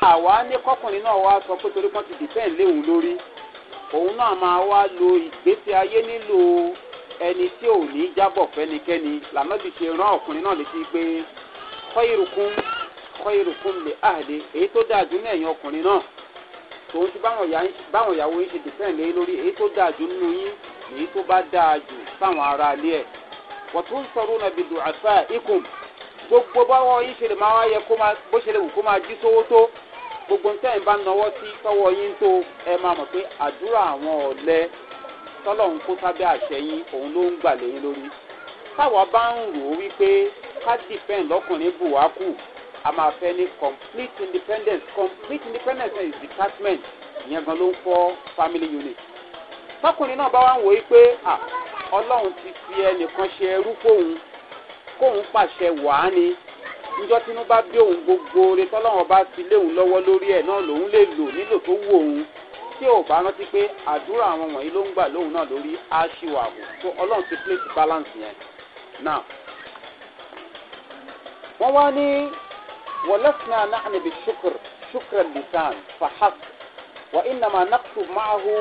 àwa ní kọkùnrin náà wá sọ pé torí kan ti dìpẹ́ǹ léwu lórí òun náà máa wá lo ìgbésí ayé nílò ẹni tí ò ní jábọ̀ fẹ́nikẹ́ni lànàbì ṣe rán ọkùnrin náà létí pé lè àhàdé èyí tó dáa jù ní náà tòun ti báwọn ìyàwó yín lórí èyí tó dáa jù nínú yín èyí tó bá dáa jù sáwọn ẹ̀ gbogbo báwọn yín ṣe lè máa wá gbogbo nǹkan ẹ̀ ń bá nawọ́ sí tọwọ́ yín tó ẹ máa mọ̀ pé àdúrà àwọn ọ̀lẹ́ tọ́lọ̀ ń kó sábẹ́ àṣẹ yín òun ló ń gbà lẹ́yìn lórí táwa bá ń rò ó wípé ká dìfẹ́ǹ lọ́kùnrin buwaku a máa fẹ́ ní complete independence complete independence is detachment ìyẹn gan ló ń fọ́ family unit tọkùnrin náà bá wá ń wò ó pé ọlọ́run ti fi ẹnìkan ṣe ẹrú fóun kóun pàṣẹ wàá ni níjọ́ tínú bá bí òun gbogbo oore tọ́lọ́wọ́n bá ti léwu lọ́wọ́ lórí ẹ̀ náà lòun lè lò nílò tó wù òun tí ò bá rántí pé àdúrà àwọn wọ̀nyí ló ń gbà lóhùn náà lórí aṣíwà tó ọlọ́run ti play balance yẹn now. wọ́n wá ní wọ́lẹ́sìnà náà níbi ṣúkúr ṣúkúr lisan fahas wà ìnàmà nàkṣù máàhù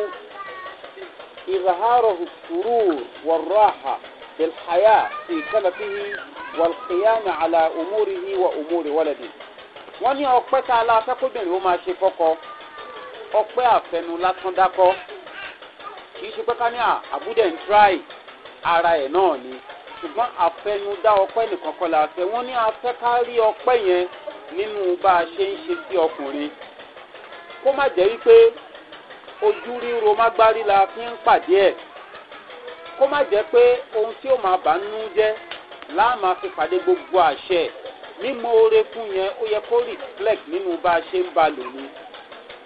ìzàhárọ̀ ṣùrù wọ̀rọ̀ àhà bẹ̀lḥayà والقيام على أموره وأمور wà òmùrì wọlẹ̀dì. wọ́n ní ọpẹ́ tá a la afẹ́kọ́bìnrin ó máa ṣe fọ́kọ ọpẹ́ àfẹnu lásán dákọ́ kì í ṣe pé ká ní àbúdẹ̀ ń tíráì ara ẹ̀ náà ni ṣùgbọ́n àfẹnudá ọpẹ́ nìkan kọ́ la fẹ́ wọ́n ní afẹ́ ọpẹ́ yẹn nínú bá a ṣe ń ṣe sí ọkùnrin kó má jẹ́ wípé ojú ríro mágbárí la fi ń pàdé ẹ̀ kó má jẹ́ pé ohun tí ó máa bà nínú jẹ́ láàmà fi pàdé gbogbo àṣẹ mímọ oore fún yẹn ó yẹ kó reflect nínú bá a ṣe ń ba lò ní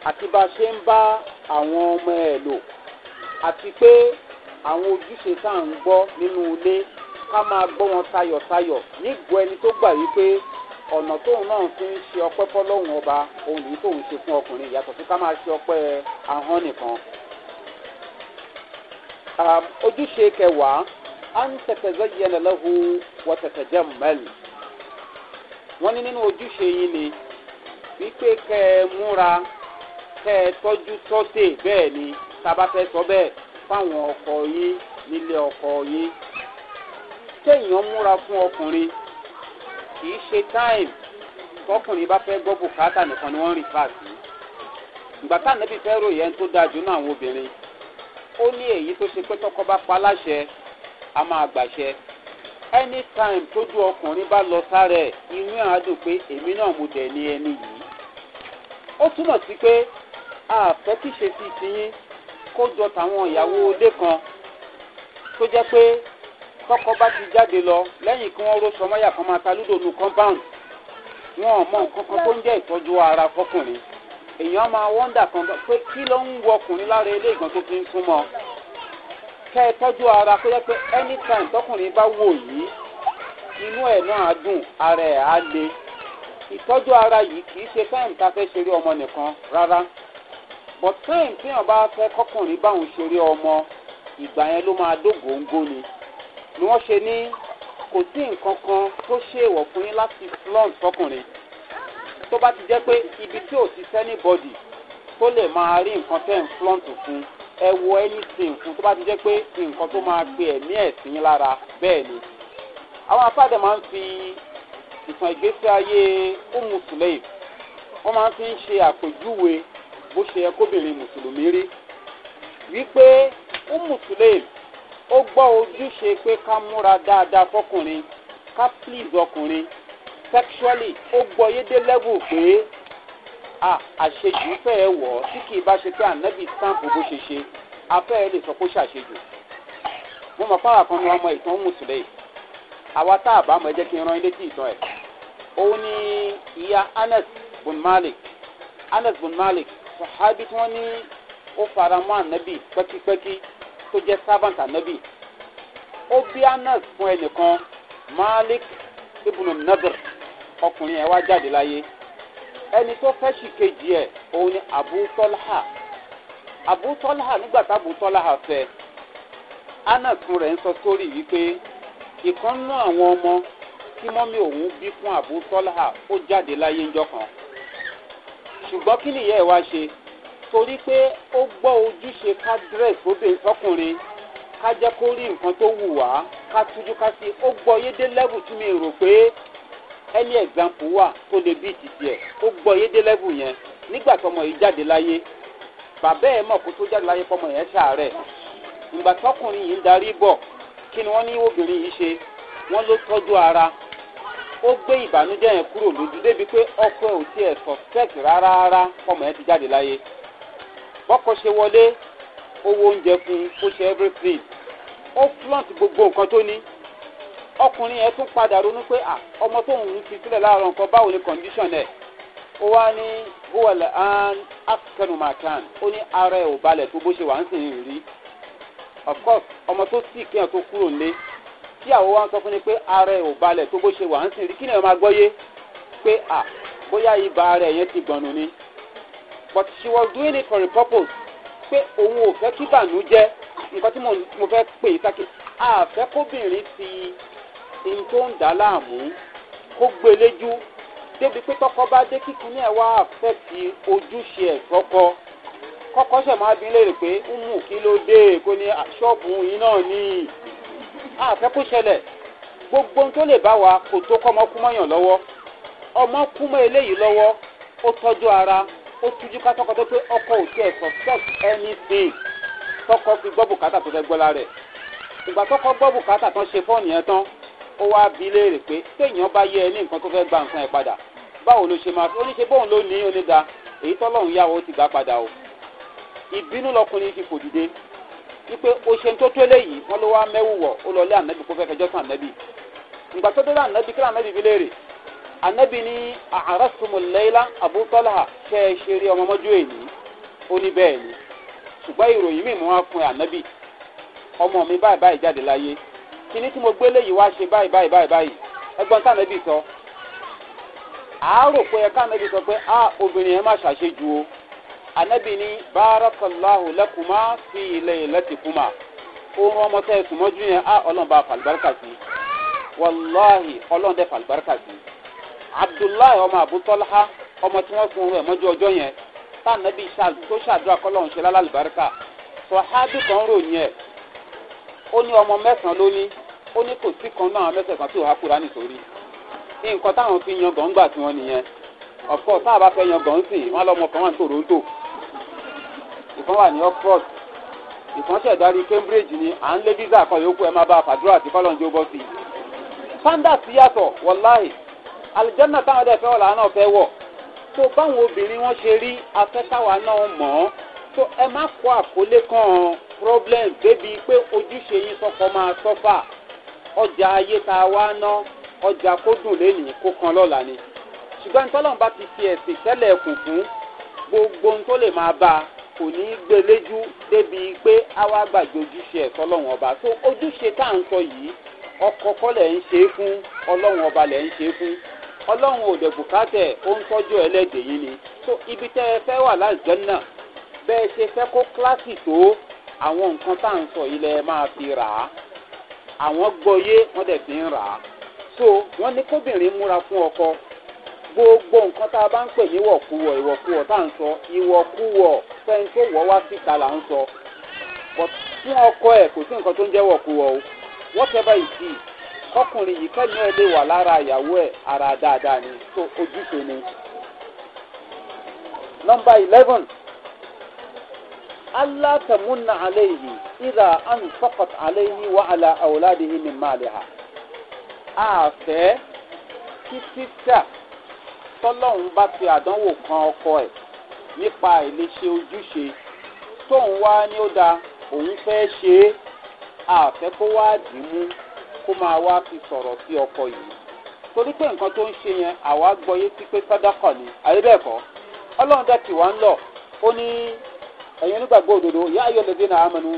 àti bá a ṣe ń bá àwọn ọmọ ẹ lò àti pé àwọn ojúṣe tá à ń gbọ́ nínú ilé ká máa gbọ́ wọn tayọ̀tayọ̀ nígbọ́ ẹni tó gbà wípé ọ̀nà tóun náà fi ń ṣe ọpẹ́ fọlọ́hún ọba òun yìí tóun ṣe fún ọkùnrin yàtọ̀ sí ká máa ṣe ọpẹ́ ahọ́n nìkan. ojúṣe kẹwàá à ń tẹ̀tẹ̀ zẹ́yẹ̀ lẹ́lẹ́hu wọ́tẹ̀tẹ̀jẹ́ mẹ́lì wọ́n ní nínú ojúṣe yín ni wípé kẹ́ ẹ múra kẹ́ ẹ tọ́jú tọ́tè bẹ́ẹ̀ ni tába fẹ́ sọ bẹ́ẹ̀ fáwọn ọkọ yín nílé ọkọ yín kéèyàn múra fún ọkùnrin kì í ṣe táìmù tọkùnrin bá fẹ́ gbọ́ bùkátà nìkan ni wọ́n rìn fáàsì ìgbà tá ànábì fẹ́ ròyìn ẹni tó dáa jù náà àwọn obìnrin ó ní èyí tó ṣe pé tọkọ bá pa láṣẹ a máa gbàṣẹ anytime tójú ọkùnrin bá lọ sára ẹ̀ inú ẹ̀ á dùn pé èmi náà mo dẹ̀ ní ẹni yìí. ó túmọ̀ sí pé àfẹ́ kíṣe sí tiyín kó jọ tàwọn ìyàwó ilé kan tó jẹ́ pé tọkọ bá ti jáde lọ lẹ́yìn kí wọ́n róṣọ mọ́yà kan máa ta lúdò nu compound wọn mọ nǹkan kan tó ń jẹ́ ìtọ́jú ara fọkùnrin èèyàn máa wọ́ndà kan pé kí ló ń wọkùnrin lára ilé ìgbọ̀n tó fi ń súnmọ́ ọ kẹ́ ẹ tọ́jú ara kó yẹ pé anytime tọkùnrin bá wò yìí inú ẹ̀ náà dùn ara ẹ̀ á le ìtọ́jú ara yìí kì í ṣe time tá a fẹ́ ṣeré ọmọ nìkan rárá but time téèyàn bá fẹ́ kọkùnrin báwọn ṣeré ọmọ ìgbà yẹn ló máa dógóńgó ni ni wọ́n ṣe ní kò sí nǹkan kan tó ṣèwọ̀ fún yín láti flaunt tọkùnrin tó bá ti jẹ́ pé ibi tí ò ti sẹ́nibọ́dì tó lè máa rí nǹkan tẹ́ ń flaunt fún un ẹ wọ anything fún tó bá ti jẹ́ pé nǹkan tó máa pe ẹ̀mí ẹ̀sìn yín lára bẹ́ẹ̀ ni àwọn apáàdé máa ń fi ìtàn ìgbésí ayé umu suleif wọ́n máa ń fi ń ṣe àpèjúwe bó ṣe yẹ kóbìnrin mùsùlùmí rí wípé umu suleif ó gbọ́ ojúṣe pé ká múra dáadáa fọkùnrin ká please ọkùnrin sexually ó gbọ́ yédé level pé àṣejù fẹ́ẹ́ wọ̀ ọ́ tí kì í bá ṣe pé ànábì stamp bó ṣe ṣe afẹ́ ẹ lè sọ pé ó ṣàṣejù mo mọ̀ fáwọn kan ní ọmọ ìtàn mùsùlùmí àwa tá a bá mọ̀ ẹ jẹ́ kí n ran ilé tí ìtàn ẹ̀ òun ni ìyá anas bun malik anas bun malik sahabi tí wọ́n ní ó fara mọ́ ànábì pẹ́kípẹ́kí tó jẹ́ servant ànábì ó bí anas fún ẹnìkan malik ibùnú nàbẹ̀rẹ̀ ọkùnrin ẹ̀ wá jáde láyé ẹni tó fẹ́ ṣì kejì ẹ̀ òun ni abu tọ́lá àbútọ́láhà nígbà tábútọ́láhà fẹ́ anna tún rẹ̀ ń sọ sórí wípé ìkan nú àwọn ọmọ tí mọ́mí òun bí fún àbútọ́láhà ó jáde láyé ńjọ kan ṣùgbọ́n kí nìyẹn ẹ̀ wá ṣe torí pé ó gbọ́ ojúṣe ká dírẹ́sì obìnrin sọkùnrin ká jẹ́ kó rí nǹkan tó wù wá ká tújú ká sí ó gbọ́ yédé lẹ́bù tí mi rò pé ẹni ẹ̀gbàmpù wà tó lè bí ìtìtì ẹ̀ ó gbọ́ yédé lẹ́bù yẹn nígbà tọmọ yìí jáde láyé bàbá ẹ̀ mọ̀ kó tó jáde láyé pọ́mọ yẹn ṣàárẹ̀ ìgbà tọkùnrin yìí ń darí wọn kí ni ní obìnrin yìí ṣe ara ó gbé ìbànújẹ yẹn kúrò lójú débi pé ọkọ ẹ̀ ò ẹ suspect rárá owó oúnjẹ fún kó ṣe everything gbogbo nǹkan tó ní ọkùnrin yẹn tún padà ronú ọmọ tóun sílẹ̀ ni condition ẹ̀ ó wá ní huwal an makan ó ní ara ẹ̀ ò balẹ̀ tó bó ṣe wà ń sìn rí of course ọmọ tó sì kéèyàn tó kúrò nílé tí àwọn wa ń sọ fún ni pé ara ẹ̀ ò balẹ̀ tó bó ṣe wà ń sìn rí kí ni ẹ̀ máa gbọ́yé pé à bóyá ibà ara ẹ̀ yẹn ti gbọ̀nù ni but she was doing it for a purpose pé òun ò fẹ́ kí bànújẹ́ nǹkan tí mo fẹ́ pè é sákè àfẹ́kóbìnrin ti n tó ń dà láàmú kó gbé léjú débi pé tọkọ bá dé kíkún ní ẹ wá àfẹ́tì ojúṣe ẹ̀ tọkọ kọ́kọ́ ṣẹ̀ máa bí léèrè pé ń mú kí ló dé kó ní ah, ṣọ́ọ̀bù yín náà ní àfẹ́ kó ṣẹlẹ̀ gbogbo tó lè bá wa kò tó kọ́ ọmọ kú mọ́yàn lọ́wọ́ ọmọ kú mọ́ eléyìí lọ́wọ́ ó tọ́jú ara ó tújú ká tọkọ tó pé ọkọ ò tiẹ̀ suspect anything tọkọ fi gbọ́ bùkátà tó fẹ́ gbọ́ la rẹ̀ ìgbà tọkọ gbọ́ bùkátà tán ṣe fọ́ọ̀nì yẹn tán ó wá bí léèrè pé téèyàn bá yẹ ẹ ní nǹkan tó fẹ́ gba nǹkan ẹ̀ padà báwo ló ṣe máa fi oníṣe bóun ló ní oníga èyí tọ́lọ́run yàwó ti gbà padà o ìbínú lọkùnrin ti fò dìde wípé o ṣe ń tó tó léyìí wọn ló wá mẹ́wù wọ̀ ó lọ lé ànábì kó fẹ́ fẹjọ́ sàn ànábì ìgbà tó dé ànábì kí ànábì fi léèrè ànábì ní àràsùmùlẹ́lá àbútọ́lá ṣe é ṣe rí ọmọ èyí ó ní bẹ́ẹ̀ ni ṣùgbọ́n ìròyìn míì mo fún ànábì ọmọ mi báyìí báyìí jáde láyé tí sọ àárò pé ẹ̀ka anabi sọ pé a ah, obìnrin yẹn má ṣàṣe ju o anabi ní barakallahu lẹkùnmá sí ilẹ̀ ìlẹ́tìkùnmá oorun ọmọ tẹ́ ẹ̀sùn mọ́jú yẹn a ah, ọlọ́mọba fàlùbáríkà sí wàláhì ọlọ́ọ̀dẹ fàlùbáríkà sí abdullahi ọmọ abutọ́lá ọmọ tí wọ́n sun ẹ̀ mọ́jú ọjọ́ yẹn tá anabi tó ṣàdúrà kọ́lọ́ ń ṣe lálàlùbáríkà sọ̀hábì kan ròyìn ẹ̀ ó ní ọmọ mẹ́sàn-án lóní ó ní kò sí kan náà mẹ́sàn-án tí ò nǹkan táwọn fi yan gọ̀ǹgbà tí wọ́n nìyẹn of course náà bá fẹ́ yan gọ̀ǹsì wọ́n lọ́mọ kan wà ní toronto ìkan wà ní oxford ìkan ṣẹ̀dárí cambridge ni à ń lé visa kan yòókù ẹ̀ máa bá àfàdúrà àti kọ́lọ́njó bọ́ sí i standard ti yàtọ̀ wọláhì alìjẹ́nà táwọn ọdẹ fẹ́ wọ̀ làwọn náà fẹ́ wọ̀ tó báwọn obìnrin wọn ṣe rí afẹ́táwa náà mọ̀ ọ́ tó ẹ má kó àkólé kan problem débi pé ojúṣe yín sọkọ máa sọ́fà ọjà ayé tá a wá ná ọjà kó dùn lénìí kó kan lọ́la ni ṣùgbọ́n tọ́lọ́n bá ti fi ẹ̀sìn tẹ́lẹ̀ ẹ̀kùn fún gbogbo ohun tó lè máa bá a kò ní í gbé léjú débi pé a wá gbàgbé ojúṣe ẹ̀ tọ́lọ́run ọba tó ojúṣe tá à ń sọ yìí ọkọ̀ọ̀kọ́ lẹ̀ ń ṣe é fún ọlọ́run ọba lẹ̀ ń ṣe é fún ọlọ́run ò dẹ̀ bùkátẹ̀ ó ń tọ́jú ẹlẹ́dẹ̀ yìí ni tó ibi tẹ́ ẹ fẹ́ wà láìjẹ́ náà bẹ́ẹ̀ ṣe fẹ́ kó kíláàsì tó àwọn nǹkan tá à ń sọ yìí lẹ máa fi rà á àwọn gbọ́yé wọ́n dẹ̀ fi ń rà á. so wọ́n ní kóbìnrin múra fún ọkọ gbogbo nǹkan tá a bá ń pè ní ìwọ̀kuwọ̀ ìwọ̀kuwọ̀ tá à ń sọ ìwọ̀kuwọ̀ fẹ́ni tó wọ́ wá síta là ń sọ fún ọkọ ẹ̀ kò sí nǹkan tó ń jẹ́ o whatever it is kọkùnrin yìí kẹ́ni ẹ̀ lè wà lára ìyàwó ara dáadáa ni ojúṣe ni. nọmba eleven àfẹ́ kí títà tọ́lọ́run bá ti àdánwò kan ọkọ ẹ̀ nípa àìlèṣe ojúṣe tóun wá ní ó da òun fẹ́ ṣe é àfẹ́ kó wá dì í mú kó máa wá fi sọ̀rọ̀ sí ọkọ yìí torí pé nǹkan tó ń ṣe yẹn àwa gbọ́yé sí pé sádàkọ̀ ni àyẹ́bẹ̀ẹ̀kọ́ ọlọ́run dẹ́kì wá ń lọ ó ní ẹ̀yin onígbàgbọ́ òdodo ìyá ayọ̀lẹ́dẹ́ náà amẹnu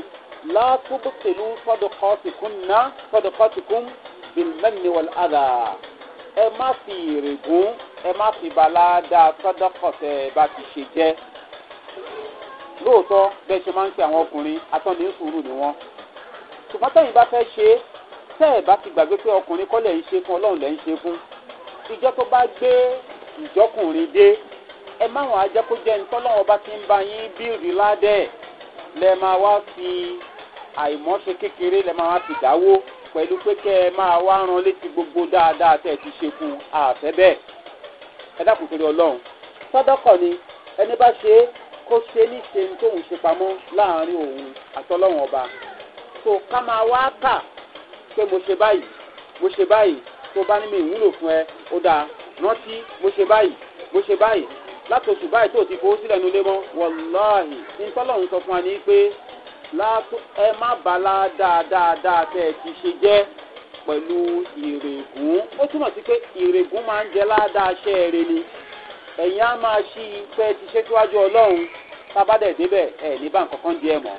látúbùtẹ̀lú fọdùkọ́tìkún ná fọdùkọ́tìkún bilmẹ́ni wọ́n àdá ẹ má fi èrè gún ẹ má fi balada sọ́dọ̀kọ̀tẹ̀ bá ti ṣe jẹ́ lóòótọ́ bẹ́ẹ̀ ṣe máa ń pe àwọn ọkùnrin atọ́ni sùúrù ni wọ́n ṣùgbọ́n tẹ́yìn bá fẹ́ ṣe é tẹ́ ẹ̀ bá ti gbàgbé pé ọkùnrin kọ́lẹ̀ ń ṣe fún ọlọ́run lẹ́ ń ṣe fún ìjọ tó bá gbé ìjọkùnrin dé ẹ máwọn ajẹ́kójẹ́ ní bá ti ń ba yín bíìrì ládẹ́ lẹ máa wá fi àìmọ́ṣe kékeré lẹ máa wá fi dáwó pẹ̀lú pé kẹ́ ẹ máa wá ran létí gbogbo dáadáa tẹ́ ti ṣe fún àfẹ́ bẹ́ẹ̀ ẹ dákun torí ọlọ́run sọ́dọ́kọ̀ ni ẹni bá ṣe é kó ṣe ní ṣe ní tóun ṣe pamọ́ láàrin òun àtọ́lọ́run ọba tó ká máa wá kà pé mo ṣe báyìí mo ṣe báyìí tó bá ní mi ìwúlò fún ẹ ó dáa rántí mo ṣe báyìí mo ṣe báyìí látòṣù báyìí tó ti fowó sílẹ̀ nulẹ̀ mọ́ wọ́láhì ní tọ́lọ́run sọ fún wa ní pé látó ẹ má bala dáadáa tẹ ẹ ti ṣe jẹ pẹ̀lú ìrègùn ó túmọ̀ sí pé ìrègùn máa ń jẹ ládàá ṣẹ́ ẹ̀rẹ́ ni ẹ̀yin á máa ṣí pé ti ṣe síwájú ọlọ́run tábà dẹ̀ débẹ̀ ẹ̀ ní bá nǹkan di ẹ̀ mọ́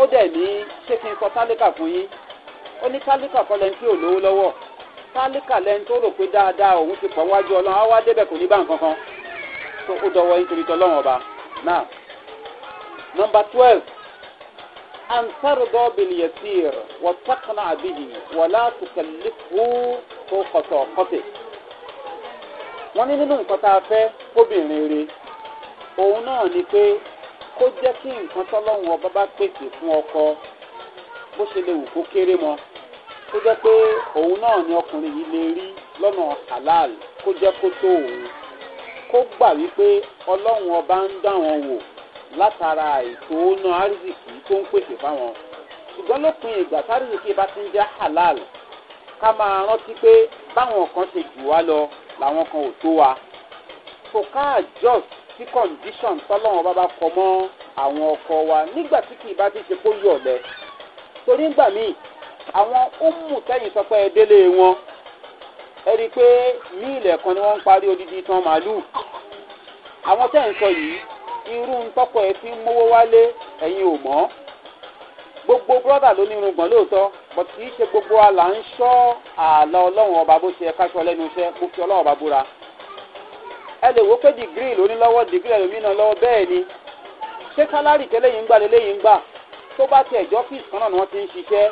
ó dẹ̀ ní ṣé kí n sọ tálíkà fún yín ó ní tálíkà kọ́ lẹ́ni tí ò lówó lọ́wọ́ tálíkà lẹ́ni tó rò pé dáadáa òun ti pọ̀ wájú ọlọ́run á wá débẹ̀ kò ní bá nǹkan kan tó ó dọwọ́ nítorí tọ́lọ́run ọba náà nọmba twelve. أن ترضى باليسير وتقنع به ولا تكلفه فوق طاقته wọ́n ní nínú nǹkan tá a fẹ́ òun náà ni pé kó jẹ́ ọba bá fún ọkọ bó ṣe lè wù kó kéré mọ́ kó jẹ́ pé òun náà ni ọkùnrin yìí lè rí kó jẹ́ kó tó òun kó gbà ọba ń dá látara ètò ọ̀nà àrísìkì tó ń pèsè fáwọn ṣùgbọ́n lópin ìgbà tárísìkì bá ti ń jẹ́ halal ká máa rántí pé báwọn kan ṣe jù wá lọ làwọn kan ò tó wa kò ká adjust sí condition tọ́lọ́wọ́n bá bá kọ mọ́ àwọn ọkọ̀ wa nígbà tí kì í bá ti ṣe kó yọ̀ lẹ torí ńgbà míì àwọn ọmú tẹ́yìn sọ pé ẹ délé wọn ẹ rí i pé ní ilẹ̀ kan ni wọ́n ń parí odidi tán màálù àwọn tẹ́yìn sọ yìí iru tọkọ ẹ ti ń mówó wálé ẹ̀yin ò mọ́ gbogbo brọ́dà ló ní irungbọ̀n lóòótọ́ bọ̀ kì í ṣe gbogbo àlà ń ṣọ́ ààlà ọlọ́run ọba bó ṣe ẹ̀ka ṣọ lẹ́nu iṣẹ́ fi ọlọ́run ọba búra ẹ lè wo pé dìgírì ló ní lọ́wọ́ dìgírì ẹlòmíràn lọ́wọ́ bẹ́ẹ̀ ni ṣé sálárì tẹ́lẹ̀yìn ń gbà lélẹ́yìn ń gbà tó bá tẹ̀ ẹ̀jọ́ fíìs kan náà ni wọ́n ti ń ṣiṣẹ́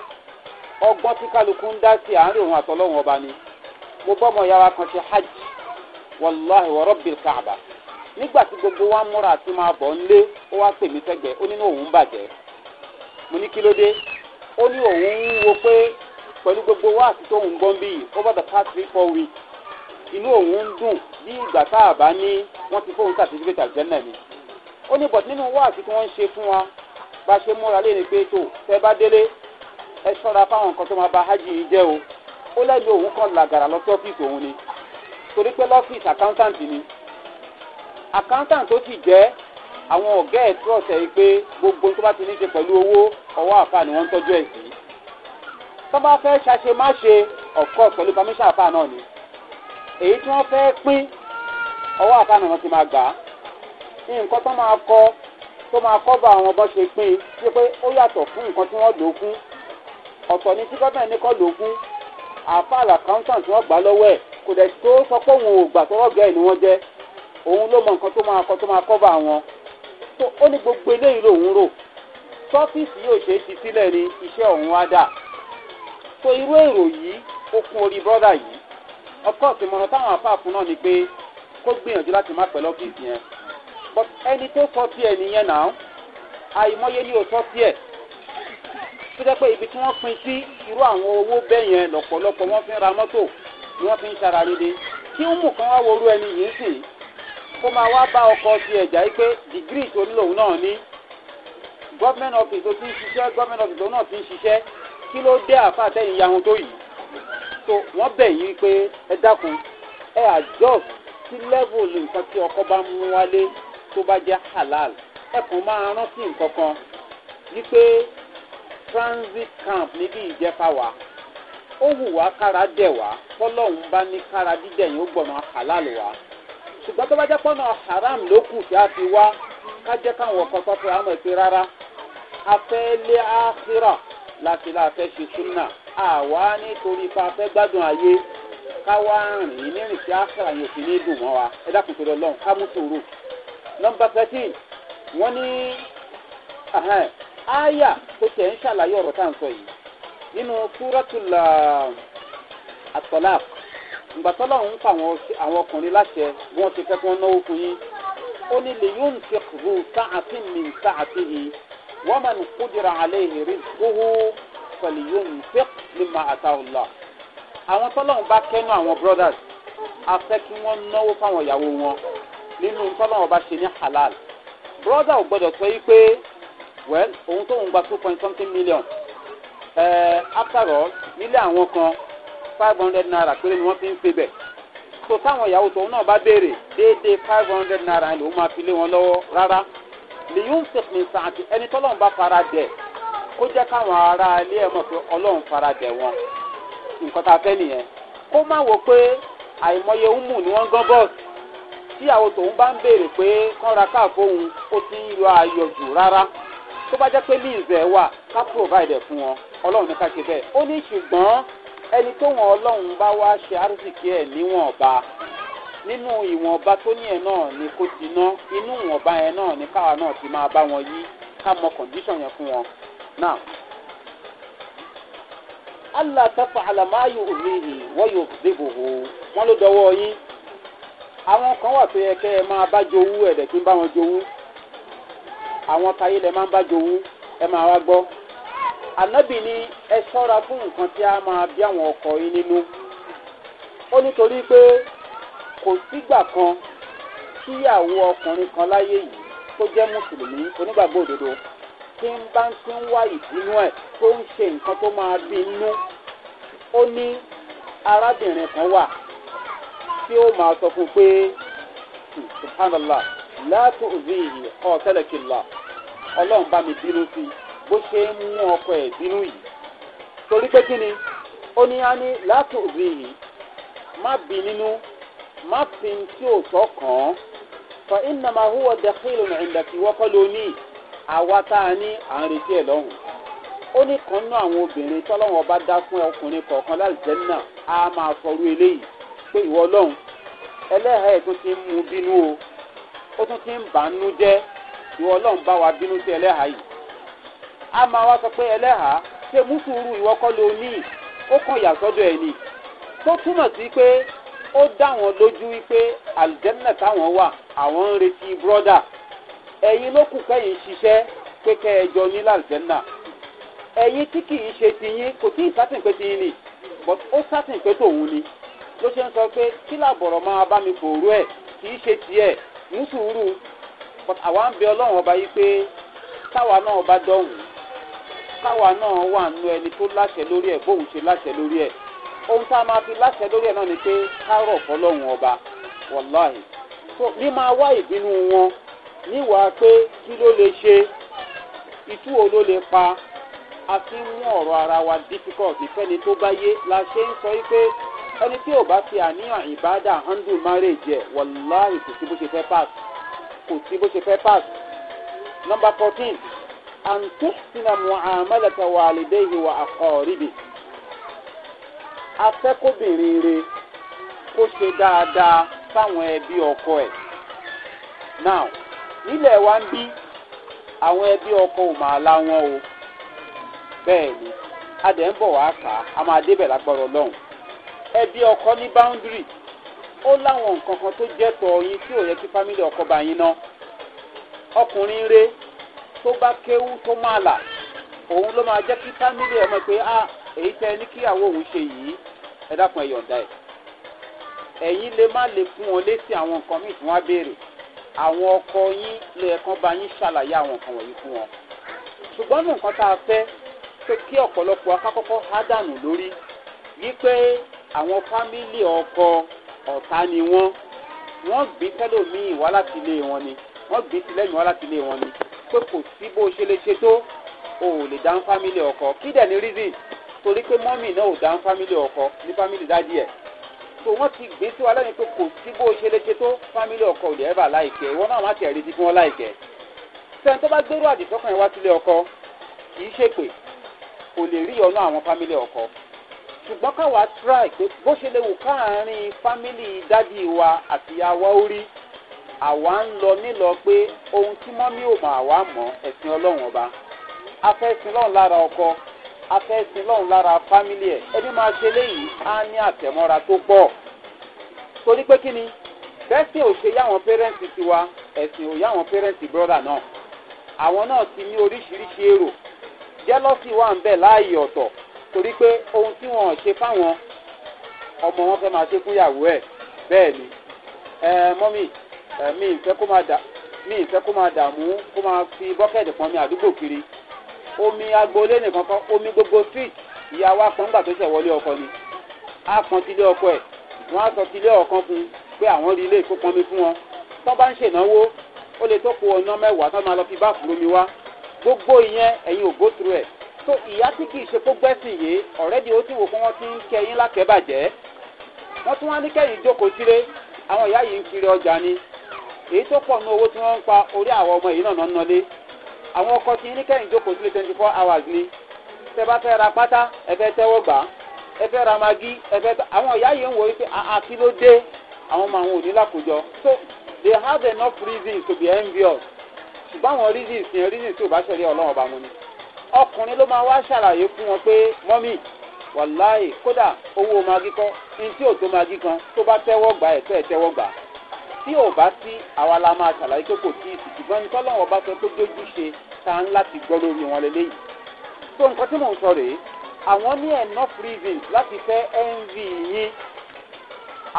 ọgbọ́n ọba ni mo ọmọ kan hajj nígbà tí gbogbo wa múra àti máa bọ̀ ńlé ó wá pè mí sẹ́gbẹ̀ẹ́ ó ní òun bàjẹ́ mo ní kí ló dé ó ní òun ń wo pé pẹ̀lú gbogbo wa àti tóun gbọ́n bí over the past three four weeks inú òun ń dùn bí ìgbà tá a bá ní wọ́n ti fóun certificate àjẹ́nà ni ó ní but nínú wa àti tí wọ́n ń ṣe fún wa bá ṣe múra lé ní pé tó tẹ́ bá délé ẹ ṣọ́ra fáwọn nǹkan tó máa ba hajj yìí jẹ́ o ó lẹ́nu òun kan làgàrà lọ sí ọ́fíìsì òun ni torí pé lọ́fíìsì accountant ni accountant tó sì jẹ́ àwọn ọ̀gá ẹ̀ tó ọ̀sẹ̀ yìí pé gbogbo tó bá ti ní ṣe pẹ̀lú owó ọwọ́ àfa ni wọ́n ń tọ́jú ẹ̀ sí. tó bá fẹ́ ṣàṣe má ṣe of course pẹ̀lú permission àfa náà ni èyí tí wọ́n fẹ́ pín ọwọ́ àfa náà wọ́n ti máa gbà á. nǹkan tó máa kọ tó máa kọ́ bá àwọn bọ́n ṣe pín in ṣe pé ó yàtọ̀ fún nǹkan tí wọ́n lò ó fún ọ̀tọ̀ ni tí gọ́ọ̀mẹ̀ ní kọ́ lò ó fún àfa àlàkáńtàn tí wọ́n gbà lọ́wọ́ ẹ̀ kò dẹ̀ tó sọ pé òun ò gbà tọ́wọ́ gẹ́ ẹ̀ ni wọ́n jẹ́ òun ló mọ nǹkan tó máa kọ tó máa kọ́bà wọn tó ó ní gbogbo eléyìí lòun rò tọ́fíìsì yóò ṣe é ti sílẹ̀ ni iṣẹ́ òun wá dà tó irú èrò yìí ó kún orí brọ́dà yìí ọkọ̀ ìmọ̀ràn táwọn afáàfún náà ni pé kó gbìyànjú láti má pẹ̀lú ọ́fíìsì yẹn but ẹni tó sọ tiẹ̀ nìyẹn náà àìmọye ni ò sọ tiẹ̀ tó jẹ́ pé ibi tí wọ́n pin sí irú àwọn owó bẹ́ẹ̀ yẹn lọ̀pọ̀lọpọ̀ wọ́n fi ń ra mọ́tò ni wọ́n fi ń ṣara rere kí ń mú kan wá worú ẹni yìí sìn kó máa wá bá ọkọ ti ẹ̀já yìí pé dìgírì tó ń lòun náà ní gọ́ọ̀mẹ̀ntì ọ̀fìn tó ti ń ṣiṣẹ́ gọ́ọ̀mẹ̀ntì ọ̀fìn tó náà ti ń ṣiṣẹ́ kí ló dé àáfàá tẹ̀yìn yahun tó yìí so wọ́n bẹ̀ yí pé ẹ dákun ẹ adjust sí level nǹkan tí ọkọ bá mú wálé tó bá jẹ́ halal ẹ kàn máa rántí nǹkan kan wípé transit camp níbi ìjẹfà wa ó wù wá kára dẹ̀ wá tọ́lọ́hún bá ní kára dídẹ̀ ó gbọ̀nà halal wa ṣùgbọ́n tó bá jẹ́ pọ́nà haram ló kù tí a fi wá ká jẹ́ káwọn ọkọ̀ sọ́kùnrin àmọ̀ ìpè rárá afẹ́lẹ́ áfírà láti láfẹ́ ṣe súnà àwa nítorí pa afẹ́ gbádùn ayé ká wá rìn nírìn tí áfírà yẹn fi ní dùn mọ́ wa ẹ dákun tó lọ lọ́hùn ká mú sòrò. nọmba thirteen wọ́n ní àyà tó tẹ̀ ń ṣàlàyé ọ̀rọ̀ tá à ń sọ yìí nínú túrọ́tùlà uh, àtọ̀láàkù gbàtọ́lọ̀ ń pa àwọn ọkùnrin láṣẹ bí wọ́n ti fẹ́ kí wọ́n náwó fún yín ó ní lè yóò ti kú sáàtì mi sáàtì yìí wọ́n máa ń kúndìrà alẹ́ ìrírí gbówó pẹ̀lú yóò ń fẹ́ ní ma àtàwùlà. àwọn tọ́lọ̀ ń bá kẹ́nu àwọn brothers a fẹ́ kí wọ́n náwó fáwọn ìyàwó wọn nínú tọ́lọ̀ ọba ṣe ní halal. brother ò gbọ́dọ̀ sọ yí pé well òun tó ń gba two point something million. Uh, after all nílé àwọn kan five hundred naira péré ni wọ́n fi ń pè bẹ̀ so táwọn ìyàwó tòun náà bá béèrè five hundred naira ni òun máa fi lé wọn lọ́wọ́ rárá lèyún sàǹtì ẹni tọ́lọ́run bá fara dẹ̀ kó jẹ́ káwọn ará ilé ẹ̀ mọ̀ pé ọlọ́run fara dẹ̀ wọn nǹkan tá a fẹ́ nìyẹn kó má wò pé àìmọye umu ni wọ́n gán bọ́ọ̀sì tíyàwó tòun bá ń béèrè ẹni tó wọn ọlọ́run bá wá ṣe àrùsìkí ẹ̀ níwọ̀nba nínú ìwọ̀nba tó ní ẹ̀ náà ni kò ti ná inú ìwọ̀nba ẹ̀ náà ni káwa náà ti máa bá wọn yí ká mọ kọ̀ǹdíṣàn yẹn fún wọn. now allah tafa alamayu omihi wọ́yọ̀ dìbòho wọ́n ló dọwọ́ yín àwọn kan wà tó yẹ kẹ́ ẹ máa bá jowú ẹ̀dẹ̀ kí n bá wọn jowú àwọn táyé lẹ máa ń bá jowú ẹ máa wá gbọ́ ànábì ni ẹ sọ́ra fún nǹkan tí a máa bí àwọn ọkọ̀ yín nínú ó nítorí pé kò sígbà kan kíyàwó ọkùnrin kan láyé yìí tó jẹ́ mùsùlùmí onígbàgbọ́ òdodo tí ń bá ń tí ń wá ìbínú ẹ̀ tó ń ṣe nǹkan tó máa bí inú ó ní arábìnrin kan wà tí ó máa sọ fún pé subhanallah látòzí ọ̀tẹ́lẹ̀kìlá ọlọ́run bá mi bínú sí i bó ṣe ń mú ọkọ ẹ̀ bínú yìí torí pé kí ni ó ní á ní látò má bí nínú má fi tí ò tọ́ kàn án fa iná máa hùwà dẹ́kìlù ìrìnlẹ̀ tí àwa tá a ní à ń retí ẹ̀ lọ́hùn ó ní kan náà àwọn obìnrin tọ́lọ́wọ́n bá dá fún ọkùnrin kọ̀ọ̀kan láti jẹ́ náà á máa sọrú eléyìí pé ìwọ ọlọ́run ẹlẹ́hàá ẹ̀ tún ti ń mu bínú o ó tún ti ń bà á nú jẹ́ ìwọ ọlọ́run bá wa bínú sí ẹlẹ́hàá yìí a máa wá sọ pé ẹlẹ́hàá ṣe mú ìwọ kọ́ ló ní ó kàn yà sọ́dọ̀ ẹ̀ ni tó túmọ̀ sí pé ó dá wọn lójú wípé àlùjẹ́nà táwọn wà àwọn ń retí bírọ́dà ẹ̀yin ló kù kẹ́yìn ṣiṣẹ́ pé kẹ́ ní làlùjẹ́nà ẹ̀yin tí kì í ṣe tiyín kò tí ì sátìn pé tiyín ni but ó sátìn pé tòun ni ló ṣe ń sọ pé kí làbọ̀rọ̀ máa bá mi fòrú ẹ̀ kì í ṣe tiẹ̀ ní but àwa ń bẹ ọlọ́run ọba yìí pé táwa náà bá dọ̀hùn káwa náà wà nù ẹni tó láṣẹ lórí ẹ bóun ṣe láṣẹ lórí ẹ ohun tá a máa fi láṣẹ lórí ẹ náà ni pé kárọ̀ fọlọ́hún ọba wàláhì so ní máa wá ìbínú wọn níwàá pé kí ló lè ṣe itú wo ló lè pa a fi ń mú ọ̀rọ̀ ara wa difficult ìfẹ́ni tó bá yé la ṣe ń sọ pé ẹni tí ò bá fi àníyàn ìbádà handle marriage ẹ̀ wàláhì kò sí bó ṣe fẹ́ pass kò sí bó ṣe fẹ́ pass number fourteen. أن تحسن معاملة والديه وأقاربه afẹ́kọ́bìnrin rẹ̀ kó ṣe dáadáa sáwọn nílẹ̀ wa ń bí àwọn ẹbí ọkọ ò máa la o bẹ́ẹ̀ ni a ń bọ̀ wá kà á a máa débẹ̀ lágbára ọlọ́run ẹbí ọkọ ní ó láwọn nǹkan kan tó jẹ́ tọ̀ yín tí ò yẹ kí ọkọ bá yín ná ọkùnrin tó bá kéwú tó máa là òun ló máa jẹ́ kí fámìlì ẹ̀ mọ̀ pé a ah, èyí tẹ ní kíyàwó òun ṣe yìí ẹ dákun ẹ̀ yọ̀ǹda ẹ̀ ẹ̀yin lè má lè fún wọn létí àwọn nǹkan míì tí wọ́n á béèrè àwọn ọkọ yín lè ẹ̀kan bá yín ṣàlàyé àwọn nǹkan wọ̀nyí fún wọn ṣùgbọ́n ní nǹkan tá a fẹ́ pé kí ọ̀pọ̀lọpọ̀ akákọ́kọ́ há dànù lórí wípé àwọn fámìlì ọkọ ọ̀tá ni wọ́n wọ́n gbé tẹ́lómi ìwá láti ilé wọn ni wọ́n gbé tilẹ́mi wá láti ilé wọn ni pé kò sí bó ṣe lè ṣe tó o ò lè dán fámìlì ọkọ kí dẹ̀ ní reason torí pé mọ́mì náà ò dán fámìlì ọkọ ní fámìlì dájú ẹ̀ so wọ́n ti gbé sí wa lẹ́yìn pé kò sí bó ṣe lè ṣe tó fámìlì ọkọ ò lè ẹ̀bà láìkẹ́ ìwọ náà má ti ẹ̀rí ti fún wọn láìkẹ́ sẹ́ni tó bá gbérú àdìsọ́kàn yẹn wá sílé ọkọ kì í ṣèpè kò lè rí ọ̀nà àwọn fámìlì ọkọ ṣùgbọ́n káwa try pé bó ṣe lè wù káàárín fámìlì dádì wa àtìyàwó orí àwa ń lọ nílọ pé ohun tí mọ́mí ò mọ̀ àwa mọ̀ ẹ̀sìn ọlọ́run ọba afẹ́sìn lọ́run lára ọkọ afẹ́sìn lọ́run lára fámílì ẹ̀ ẹni máa ṣe léyìí á ní àtẹ̀mọ́ra tó pọ̀ torí pé kí ni bẹ́sìn ò ṣe yáwọn pẹ́rẹ́ǹtì tiwa ẹ̀sìn ò yáwọn pẹ́rẹ́ǹtì brọ́dà náà àwọn náà ti ní oríṣiríṣi èrò jẹ́lọ́sì wà ń bẹ̀ láàyè ọ̀tọ̀ torí pé ohun tí wọ́n ṣe fáwọn ọmọ wọn fẹ́ máa ṣe fúnyàwó ẹ̀ bẹ́ẹ̀ ni ẹ mọ́mì mi ìfẹ́ kó máa dà mi ìfẹ́ kó máa dààmú kó máa fi bọ́kẹ́ẹ̀dì pọn mi àdúgbò kiri omi agboolé nìkan kan omi gbogbo street ìyá wa pọn gbà tó ṣẹ̀ wọlé ọkọ ni á pọn tilé ọkọ ẹ̀ wọ́n á sọ tilé ọ̀kan fún un pé àwọn rí ilé ìkópọnmi fún wọn tó bá ń ṣènáwó ó lè tó kó ọ̀nà mẹ́wàá tó máa lọ fi báàfù lómi wá gbogbo ìyẹn ẹ̀yin ò bó turu ẹ̀ tó ìyá tí kì í ṣe kó gbẹ́sìn yìí ọ̀rẹ́dì ó ti wò fún wọn tí ń kẹyìn lákẹ́bàjẹ́ wọ́n tún wá ní kẹ́yìn jókòó sílé àwọn ìyá yìí ń kiri ọjà ni èyí tó pọ̀ nínú owó tí wọ́n ń pa orí àwọn ọmọ yìí náà náà àwọn ọkọ tí ní kẹ́yìn jókòó sílé twenty four hours ni tẹ bá fẹ́ ra pátá ẹ fẹ́ tẹ́wọ́ gbà ẹ fẹ́ ra magi ẹ fẹ́ àwọn ìyá yìí ń wò wípé àti ah, ah, ló dé àwọn ọmọ àwọn òní lákòjọ so they have enough reasons to be envious ṣùgbọ́n àwọn reasons yẹn reasons tí ò bá ṣẹlẹ̀ ọlọ́run ọba mu ni ọkùnrin ló máa wá ṣàlàyé fún wọn pé mọ́mì wàláì kódà owó magi kan ní tí ò tó magi kan tó bá tẹ́wọ́ gbà ẹ̀ tó ẹ̀ tẹ́wọ́ gbà á tí ò bá sí àwa la máa ṣàlàyé pé kò tí ì sì ṣùgbọ́n ní tọ́lọ́wọ́ bá sọ pé dójú ṣe ta ń láti gbọ́ lórí wọn lélẹ́yìí. tó nǹkan tí mò ń sọ rèé àwọn ní enough reasons láti fẹ́ nv yín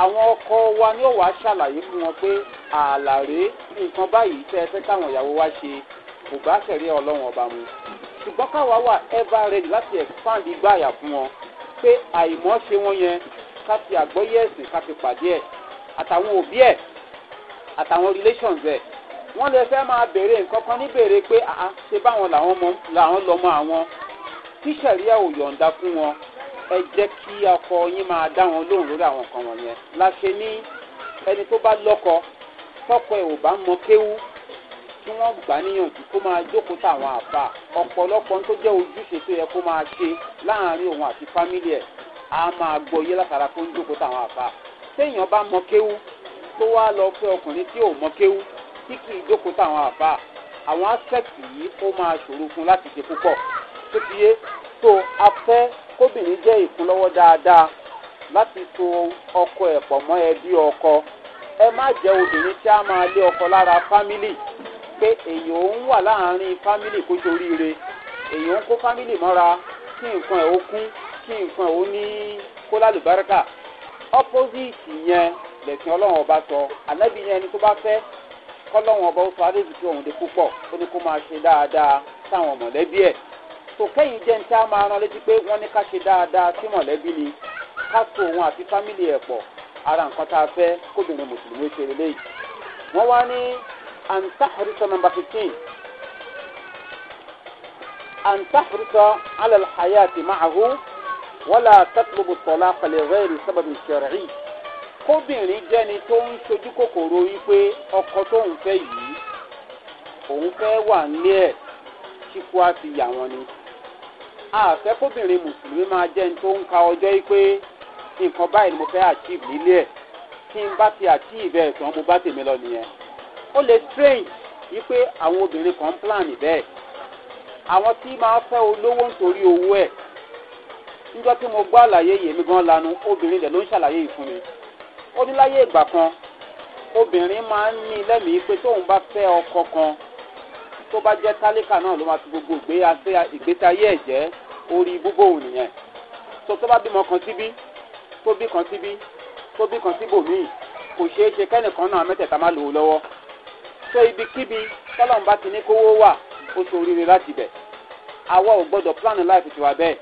àwọn ọkọ wa ni ó wàá ṣàlàyé fún wọn pé ààlà rèé nǹkan báyìí tẹ́ ẹ fẹ́ káwọn ìyàwó wa ṣe kò bá ṣẹ̀rí ọlọ́run ọba mu ṣùgbọ́n káwa wà ever ready láti expand igbá àyà fún wọn pé àìmọ́ ṣe wọ́n yẹn ká fi àgbọ́yé ẹ̀sìn ká fi pàdé ẹ̀ àtàwọn òbí ẹ̀ àtàwọn relations ẹ̀ wọ́n lè fẹ́ máa béèrè nǹkan kan ní béèrè pé àá ṣe báwọn làwọn lọ́mọ àwọn tíṣẹ̀rí ẹ̀ ò yọ̀ǹda fún wọn ẹ jẹ́ kí ọkọ yín máa dá wọn lóhùn lórí àwọn nǹkan wọ̀nyẹn la ṣe ní ẹni tó bá lọ́kọ tọkọ ẹ̀ ò bá mọ kéwú tí wọ́n gbà níyànjú kó máa jókòó táwọn àfa ọ̀pọ̀lọpọ̀ tó jẹ́ ojúṣe tó yẹ kó máa ṣe láàrin òun àti fámílì ẹ̀ á máa gbọ́ yé látara kó ń jókòó táwọn àfa téèyàn bá mọ kéwú tó wá lọ fẹ́ ọkùnrin tí ò mọ kéwú tí kì í jókòó táwọn àbá àwọn aspect yìí ó máa ṣòro fún láti ṣe púpọ̀ tó ti yé tó a fẹ́ kóbìnrin jẹ́ ìfúnlọ́wọ́ dáadáa láti so ọkọ ẹ̀ pọ̀ mọ́ ẹbí ọkọ ẹ má jẹ́ obìnrin tí a máa lé ọkọ lára fámílì pé èyí ò ń wà láàrin fámílì kó soríire èyí ò ń kó fámílì mọ́ra kí nǹkan ẹ̀ ó kún kí nǹkan ẹ̀ ó ní kó opposite yẹn lẹ̀sìn ọlọ́run ọba sọ ànábì yẹn ẹni tó bá fẹ́ kọ́lọ́run ọba ó sọ adébìtì òun dé púpọ̀ ó ní kó máa ṣe dáadáa sáwọn mọ̀lẹ́bí ẹ̀ tó jẹ́ ní máa rán létí pé wọ́n ní ká ṣe dáadáa sí mọ̀lẹ́bí ni ká so òun àti fámìlì ẹ̀ pọ̀ ara nǹkan tá a fẹ́ kóbìnrin mùsùlùmí ṣe lélẹ́yìí wọ́n wá ní antahurita number fifteen antahurita alal hayati ma'ahu wala tatlubu tọ́lá pẹ̀lẹ́ rẹ́ẹ̀rì sábàbí ṣẹ̀rẹ̀ yìí kóbìnrin jẹ́ni tó ń sojú kòkòrò wípé ọkọ tó ń fẹ́ yìí òun fẹ́ wà ní ẹ̀ tí kú á fi yà wọ́n ni. àfẹ́ kóbìnrin mùsùlùmí máa jẹ́ni tó ń ka ọjọ́ wípé nǹkan báyìí ni mo fẹ́ achieve nílé ẹ̀ tí n bá ti achieve ẹ̀ tán mo bá tèmi lọ nìyẹn. ó lè strange wípé àwọn obìnrin kan ń plan bẹ́ẹ̀ àwọn tí máa fẹ́ olówó nítorí owó ẹ̀ níjọ́ tí mo gbọ́ àlàyé yèmí gan lanu obìnrin rẹ̀ ló ń ṣàlàyé yìí fún mi ó ní láyé ìgbà kan obìnrin máa ń ní lẹ́mìí pé tóun bá fẹ́ ọkọ kan tó bá jẹ́ tálíkà náà ló máa fi gbogbo ìgbésí ayé ẹ̀ jẹ́ orí gbogbo òun nìyẹn tó tó bá bímọ kan síbí tó bí kan síbí tó bí kan síbòmíì kò ṣeé ṣe kẹ́nìkan náà mẹ́tẹ̀ẹ̀ta má lò ó lọ́wọ́ tó ibikíbi tọ́lọ́mùbá ti ní kówó wà ó ṣe oríire láti bẹ̀ àwa ò gbọ́dọ̀ plan life tiwa bẹ́ẹ̀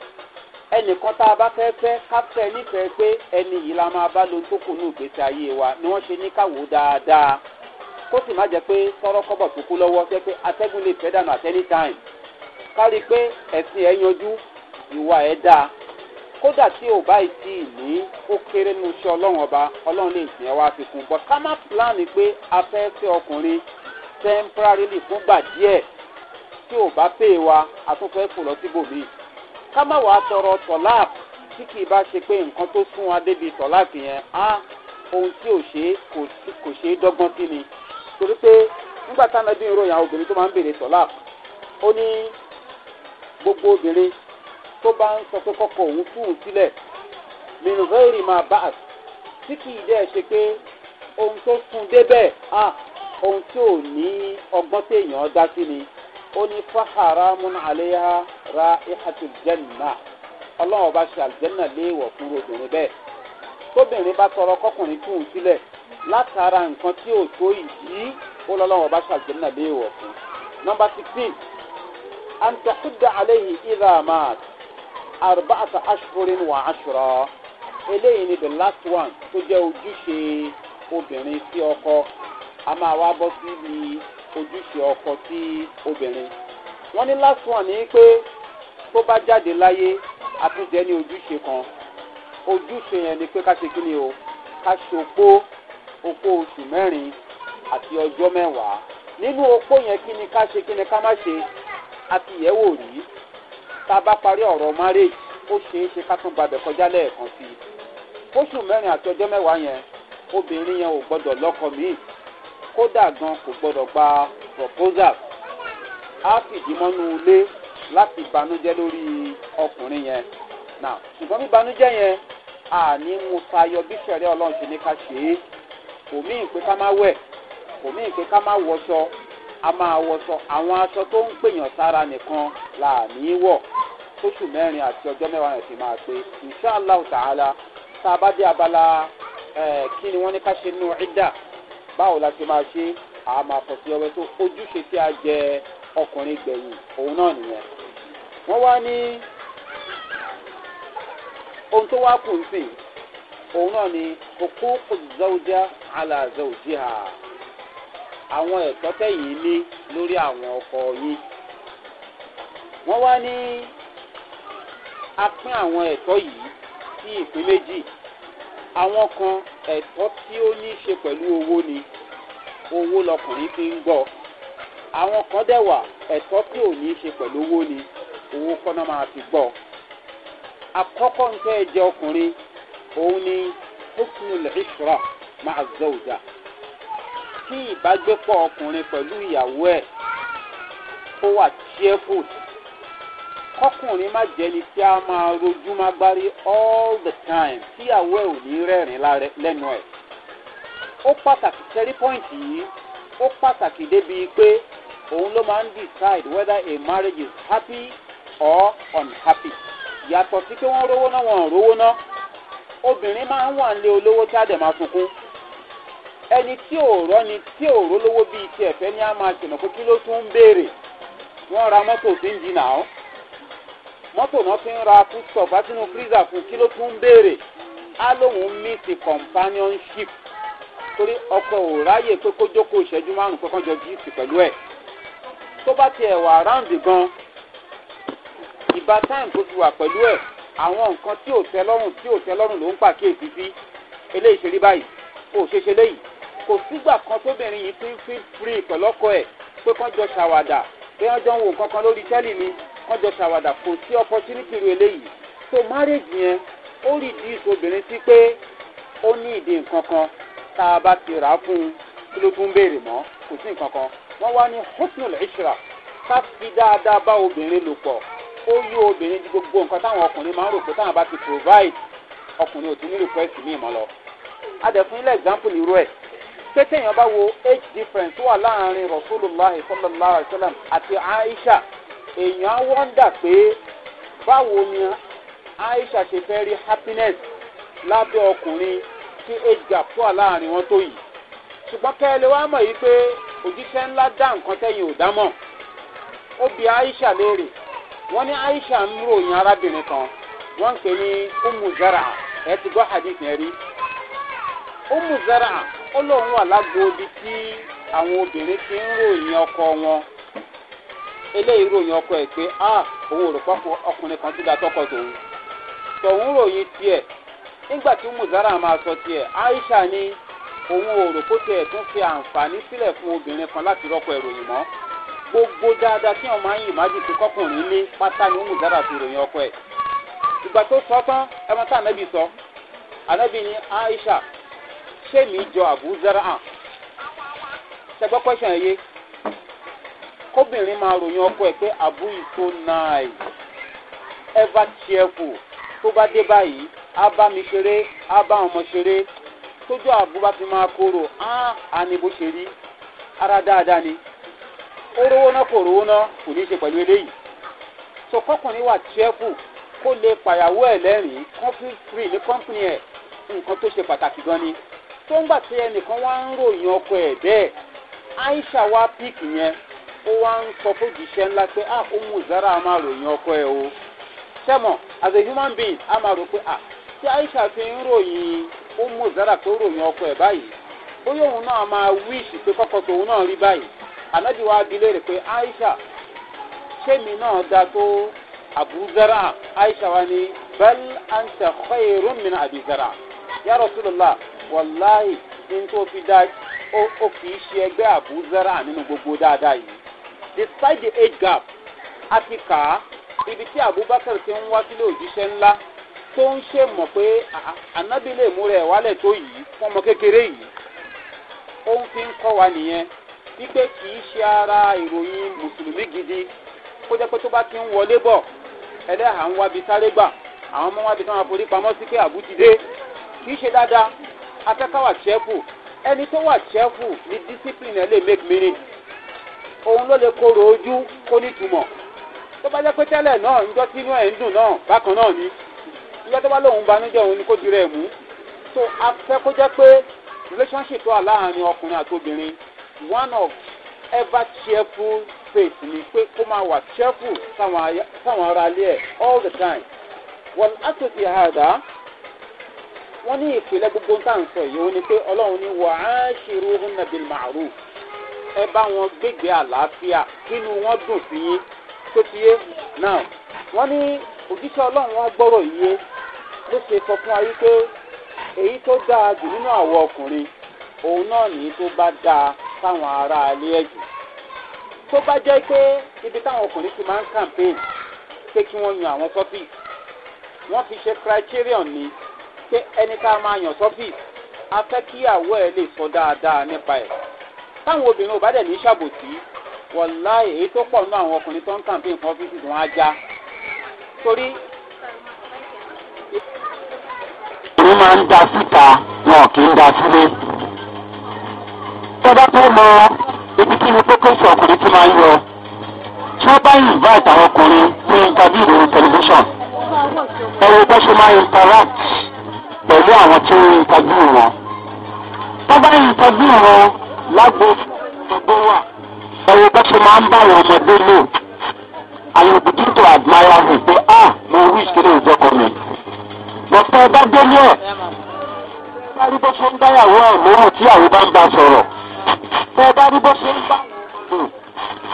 ẹnìkan tá a bá fẹ́ fẹ́ ká nífẹ̀ẹ́ pé ẹni yìí la máa bá lo tó ìgbésí ayé wa ni wọ́n ṣe ní káwò dáadáa kó sì má jẹ́ pé tọ́rọ́ kọ́bọ̀ tó kú lọ́wọ́ pé atẹ́gùn lè fẹ́ dànù kárí pé ẹ̀sìn ẹ̀ yanjú ìwà ẹ̀ dáa kódà tí ò bá ìtì ní ó kéré nu iṣẹ́ ọlọ́run ọba ọlọ́run lè sìn ẹ́ wá fi kún bọ́ ká má pé ká má wàá tọrọ tọ̀láàp tí kì í bá ṣe pé nǹkan tó sún wa débi tọ̀láàp yẹn á ohun tí ò ṣe kò ṣe é dọ́gbọ́n sí ni torí pé nígbà táwọn ẹbí ń ròyìn àwọn obìnrin tó máa ń béèrè tọ̀láàp ó ní gbogbo obìnrin tó bá ń sọ pé kọ́kọ́ òun fún un sílẹ̀ nínú máa bá àt tí kì í dẹ́ ṣe pé ohun tó fún débẹ̀ á ohun tí ò ní ọgbọ́n téèyàn dá sí ni ó ní fáhàrá múnà àléyá raihatu janna ọlọ́run ọba ṣe àlùjẹ́nà léèwọ̀ fún obìnrin bẹ́ẹ̀ tóbìnrin bá tọrọ kọkùnrin tún un sílẹ̀ látara nǹkan tí ò tó ìdí ó lọ́lọ́run ọba ṣe àlùjẹ́nà léèwọ̀ fún. nọmba sixteen antakuda aleyhi iramat arbaata ashurin wa ashura eléyìí ni the last one tó jẹ́ ojúṣe obìnrin sí ọkọ a máa wá bọ́ síbi ojúṣe ọkọ sí obìnrin wọ́n ní last one ni pé tó bá jáde láyé àtúnjẹ ní ojúṣe kan ojúṣe yẹn ni pé ká ṣe kí ni o ká ṣopó opó oṣù mẹ́rin àti ọjọ́ mẹ́wàá nínú opó yẹn kí ni ká ṣe kí ni ká má ṣe àti ìyẹ́wò rí tá a bá parí ọ̀rọ̀ marriage ó ṣeé ṣe ká tún gbàgbẹ́ kọjá lẹ́ẹ̀kan sí i oṣù mẹ́rin àti ọjọ́ mẹ́wàá yẹn obìnrin yẹn ò gbọ́dọ̀ lọ́kọ míì kódà gan kò gbọ́dọ̀ gba proposal á fìdí mọ́nú ilé láti banújẹ́ lórí ọkùnrin yẹn náà ṣùgbọ́n bí banújẹ́ yẹn a ní mo tayọ bí sẹ̀rẹ̀ ọlọ́run ṣe ní ká ṣe é kò mí ìpè ká má wẹ̀ kò mí ìpè ká má wọṣọ a máa wọṣọ àwọn aṣọ tó ń pèèyàn sára nìkan là ní wọ̀ tóṣù mẹ́rin àti ọjọ́ mẹ́wàá rẹ̀ fi máa pé inshallah ta'ala tá a bá dé abala kí ni wọ́n ní ká ṣe nínú ìdá báwo la ṣe máa ṣe àmàfọ̀síọ́wẹ́ tó ojúṣe tí a jẹ ọkùnrin gbẹ̀yìn òun náà nìyẹn wọ́n wá ní ohun tó wá kù ń sìn òun náà ni kókó òzòzòjá àlàzòjìhà àwọn ẹ̀tọ́ tẹ̀yìn ní lórí àwọn ọkọ̀ yìí wọ́n wá ní a pín àwọn ẹ̀tọ́ yìí sí ìpín méjì àwọn kan ẹ̀tọ́ tí ó ní í ṣe pẹ̀lú owó ni owó lọkùnrin fi ń gbọ́ àwọn kan dẹ̀ wà ẹ̀tọ́ tí ò ní í ṣe pẹ̀lú owó ni owó kọ́nà máa fi gbọ́ akọ́kọ́ ń tẹ́ ọkùnrin òun ni hukmu lẹ́ṣọ́ra máa zọ òjà kí ìbágbépọ̀ ọkùnrin pẹ̀lú ìyàwó ẹ̀ kó wà cheerful kọkùnrin má jẹni tí a máa rojú má gbárí all the time tíyàwó ẹ ò ní rẹ́rìn lẹ́nu ẹ̀. ó pàtàkì tẹ́rí pọ́ìntì yìí ó pàtàkì débi pé òun ló máa ń decide whether a marriage is happy or unhappy. yàtọ̀ sí pé wọ́n rówó náà wọ́n rówó náà obìnrin máa ń wà ń lé olówó tí àdè máa sunkún ẹni tí ni tí ò ró lówó bíi ti ẹ̀fẹ́ a máa pé kí ló tún ń béèrè wọ́n ra mọ́tò tí ń dínà ọ́ mọ́tò náà fi ń ra foodstuff àtinú freezer fún kí ló tún ń béèrè á lóun companionship torí ọkọ̀ ò ráyè pé kó jókòó ìṣẹ́jú márùn-ún ìbátan tó ti wà pẹ̀lú ẹ̀ àwọn nǹkan tí ò tẹ lọ́rùn tí ò tẹ lọ́rùn ló ń pàkíyèsí sí eléyìí ṣe rí báyìí kò ṣe ṣe léyìí kò sígbà kan tóbìnrin yìí fi ń fi free pẹ̀lọ́kọ ẹ̀ pé kán jọ ṣàwàdà pé wọ́n jọ ń wo nǹkan kan lórí tẹ́lì ni kán jọ ṣàwàdà kò sí opportunity ru eléyìí so marriage yẹn ó rí díìsì obìnrin sí pé ó ní ìdí nǹkan kan tá a bá ti rà á fún un kí ló tún béèrè mọ́ kò sí nǹkan kan wọ́n wá ní hosnul ishra ká fi dáadáa bá obìnrin lò pọ̀ ó yú obìnrin di gbogbo nǹkan táwọn ọkùnrin máa ń rò pé táwọn bá ti provide ọkùnrin ò tún ní request míì mọ́ lọ. adẹ̀fún ilé example ni irú ẹ̀ pé téèyàn bá wo age difference tó wà láàrin rasulillah sallallahu alayhi wa sallam àti aisha èèyàn á wọ́ndà pé báwo ni aisha ṣe fẹ́ rí happiness lábẹ́ ọkùnrin tí age gap tó wà láàrin wọn tó yìí ṣùgbọ́n kẹ́lẹ́ wàá mọ̀ yìí pé òjíṣẹ́ ńlá dá nǹkan tẹ́yìn ò dámọ̀ ó bi aisha léèrè wọ́n ní aisha ń ròyìn arábìnrin kan wọ́n ń ni ní umu zara ẹ ti gbọ́ hadith yẹn rí umu zara ó lóun wà lágbóòbí tí àwọn obìnrin ti ń ròyìn ọkọ wọn eléyìí ròyìn ọkọ ẹ pé a òun ò rò ọkùnrin kan ti da tọkọ tòun tòun ròyìn tiẹ̀ nígbà tí umu zara máa sọ tiẹ̀ aisha ní òun ò rò tún fi àǹfààní fún kan láti gbogbo dáadáa tí wọn máa ń yìn má dìtú kọkùnrin lé pátá ni umu zara fi ròyìn ọkọ ẹ ìgbà tó sọ tán ẹmọ tá ànábì sọ ànábì ni aisha sẹ́mi jọ àbú zara hàn sẹgbẹ́ pẹ́sàn ẹ̀yẹ kóbìnrin máa ròyìn ọkọ ẹ pé àbú yìí so nice ever cheerful tó bá dé báyìí á bá mi ṣeré á bá ọmọ ṣeré tójú àbú bá fi máa kóró á àní bó ṣe rí ara dáadáa ni. ó rówó kò ní í ṣe pẹ̀lú eléyìí so kọkùnrin wà tíẹ́fù kó lè pàyàwó ẹ̀ lẹ́rìn-ín ní ẹ̀ nǹkan tó ṣe pàtàkì gan ni tó ń gbà tí ẹnìkan wá ń ròyìn ọkọ ẹ̀ bẹ́ẹ̀ aisha wá pík yẹn ó wá ń sọ fún ńlá pé a ah, ó mú zara a máa ròyìn ọkọ o sẹ́mọ̀ as a human being a máa rò pé a ah, tí aisha fi ń ròyìn ó mú zara tó ròyìn ọkọ ẹ̀ báyìí bóyá anabi wa abilé rẹ pé aisha sẹ́mi náà da tó abuzara aisha wa ni bal an ta khayrun min abizara ya rasulallah wàláhi ní tó fi da ó kì í ṣe ẹgbẹ́ abuzara nínú gbogbo dáadáa yìí despite the age gap a ti kà á ibi tí abubakar ti ń wá sílé òjíṣẹ́ ńlá tó ń ṣe mọ̀ pé anabi lè mú rẹ̀ wálẹ̀ tó yìí fún ọmọ kékeré yìí ó ń fi ń kọ́ wa nìyẹn wípé kì í ṣe ara ìròyìn mùsùlùmí gidi kó jẹ́ pé tó bá ti ń wọlé bọ̀ ẹlẹ́hà ń wábi sáré gbà àwọn ọmọ wábi táwọn forí pamọ́ sí pé àbújídé kì í ṣe dáadáa akẹ́kọ̀ọ́ wà cheerful ẹni tó wà cheerful ni discipline ẹ̀ lè make meaning òun ló lè korò ojú kó nítumọ̀ tó bá jẹ́ pé tẹ́lẹ̀ náà níjọ́ tí inú ẹ̀ ń dùn náà bákan náà ni níjọ́ tó bá lóun banújẹ́ òun ni kó dirẹ̀ mú so afẹ́ kó jẹ́ pé relationship wà láàrin ọkùnrin àti obìnrin one of ever cheerful faith ni pé kó máa wà cheerful sáwọn ará ilé ẹ̀ all the time. wọ́n láti fi hàdá wọ́n ní ìpìlẹ̀ gbogbo tá à ń sọ yìí wọ́n ni pé ọlọ́run ní wà á ṣerú ohun nàbí màrú ẹ bá wọn gbégbé àlàáfíà kínú wọn dùn sí yín tó ti yé náà wọ́n ní òjíṣẹ́ ọlọ́run wọn gbọ́rọ̀ yìí ló ṣe sọ fún wa yìí pé èyí tó dáa jù nínú àwọ̀ ọkùnrin òun náà nìyí tó bá dáa fáwọn ará alẹ́ ẹ̀jù tó bá jẹ́ pé ibi táwọn ọkùnrin ti máa ń campaign pé kí wọ́n yan àwọn topic wọ́n fi ṣe criterion ni pé ẹni ká máa yan topic a fẹ́ kí àwọ̀ ẹ̀ lè sọ dáadáa nípa ẹ̀ táwọn obìnrin ò bá dẹ̀ ní ṣàbòtí wọ̀lá èyí tó pọ̀ nínú àwọn ọkùnrin tó ń campaign fún ọ́fíìsì tí wọ́n á já torí. wọ́n máa ń da síta wọn kì í da sílé tọ́ba fẹ́ mọ ibi tí mo tó kéṣọ ọkùnrin ti máa ń yọ tí wọ́n bá invite àwọn ọkùnrin ní interview lórí tẹlifíṣàn ẹ wo bó ṣe máa interact pẹ̀lú àwọn tí ó interview wọn tọ́ba interview wọn lágbo gbogbo wà ẹ wo bó ṣe máa ń bá àwọn ọmọdé lò àwọn òbí tó admire him pé ah mo rí ìṣeré ìjọkọ mi bọ̀tọ̀ ẹ bá délé ẹ̀ bá rí bó ṣe ń báyàwó ẹ̀ tí àwọn bá ń bá sọ̀rọ̀ tẹ bá rí bó ṣe ń bá